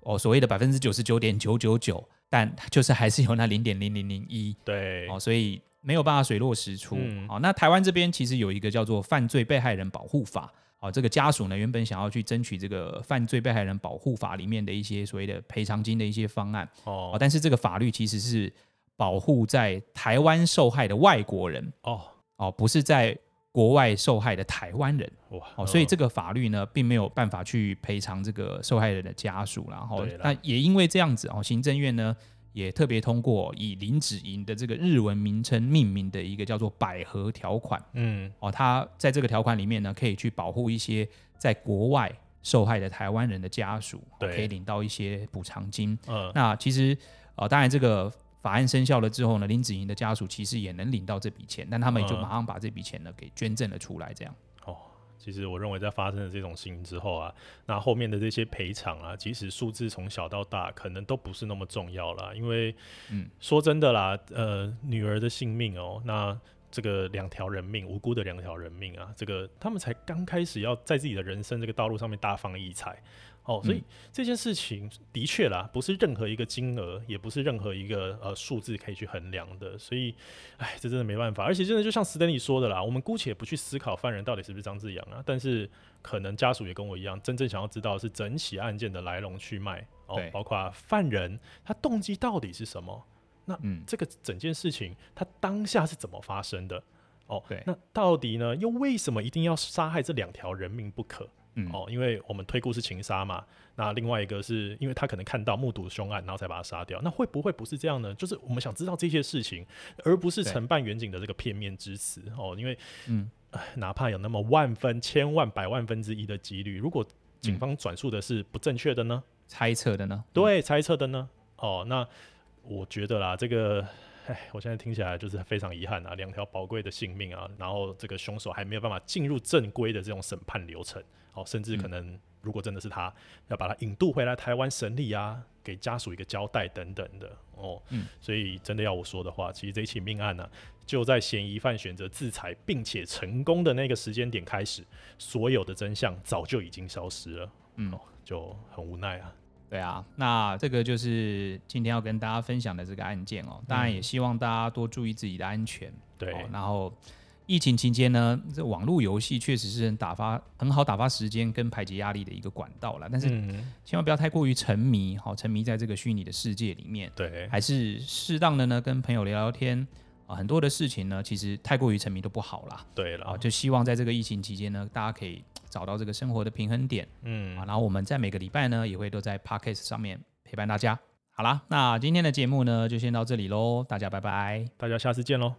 哦所謂的百分之九十九點九九九，但就是還是有那零點零零零一。對哦，所以沒有辦法水落石出、嗯。哦，那台灣這邊其實有一個叫做《犯罪被害人保護法》。哦，這個家屬呢，原本想要去爭取這個《犯罪被害人保護法》裡面的一些所謂的賠償金的一些方案哦，oh. 但是這個法律其實是保護在台灣受害的外國人哦，oh. 哦，不是在國外受害的台灣人 oh. Oh. 哦，所以這個法律呢，並沒有辦法去賠償這個受害人的家屬，然後那也因為這樣子哦，行政院呢。也特別通過以林子瑩的這個日文名稱命名的一個叫做“百合條款”。嗯，哦，他在這個條款裡面呢，可以去保護一些在國外受害的台灣人的家屬，對，可以領到一些補償金。嗯，那其實，呃、哦，當然這個法案生效了之後呢，林子瑩的家屬其實也能領到這筆錢，但他們也就馬上把這筆錢呢給捐贈了出來，這樣。其實我認為，在發生了這種事情之後啊，那後面的這些賠償啊，即使數字從小到大可能都不是那麼重要了，因為說真的啦、嗯，呃，女兒的性命哦，那這個兩條人命，無辜的兩條人命啊，這個他們才剛開始要在自己的人生這個道路上面大放異彩。哦，所以這件事情的確啦、嗯，不是任何一個金額，也不是任何一個呃數字可以去衡量的。所以，哎，這真的沒辦法。而且真的就像 Stanley 說的啦，我們姑且不去思考犯人到底是不是張志陽啊，但是可能家屬也跟我一樣，真正想要知道的是整起案件的來龍去脈。哦，包括犯人他動機到底是什麼？那嗯，這個整件事情、嗯、他當下是怎麼發生的？哦，對。那到底呢？又為什麼一定要殺害這兩條人命不可？嗯、哦，因為我們推故事情殺嘛，那另外一個是因為他可能看到目睹兇案，然後才把他殺掉，那會不會不是這樣呢？就是我們想知道這些事情，而不是承辦員警的這個片面之詞哦，因為、嗯、哪怕有那麼萬分、千萬、百萬分之一的幾率，如果警方轉述的是不正確的呢？猜測的呢？對，猜測的呢、嗯？哦，那我覺得啦，這個。哎，我現在聽起來就是非常遺憾啊，兩條寶貴的性命啊，然後這個兇手還沒有辦法進入正規的這種審判流程，哦，甚至可能如果真的是他，要把他引渡回來台灣審理啊，給家屬一個交代等等的哦、嗯。所以真的要我說的話，其實這一起命案呢、啊，就在嫌疑犯選擇制裁並且成功的那個時間點開始，所有的真相早就已經消失了，嗯，哦、就很無奈啊。對啊，那這個就是今天要跟大家分享的這個案件哦。當然也希望大家多注意自己的安全。嗯、對、哦，然後疫情期間呢，這網絡遊戲確實是能打發很好打發時間跟排解壓力的一個管道啦。但是千萬不要太過於沉迷，好、哦、沉迷在這個虛擬的世界裡面。對，還是適當的呢，跟朋友聊聊天啊、哦。很多的事情呢，其實太過於沉迷都不好啦。對了，哦、就希望在這個疫情期間呢，大家可以。找到這個生活的平衡點，嗯、啊、然後我們在每個禮拜呢，也會都在 Podcast 上面陪伴大家。好啦，那今天的節目呢，就先到這裡嘍，大家拜拜，大家下次見嘍。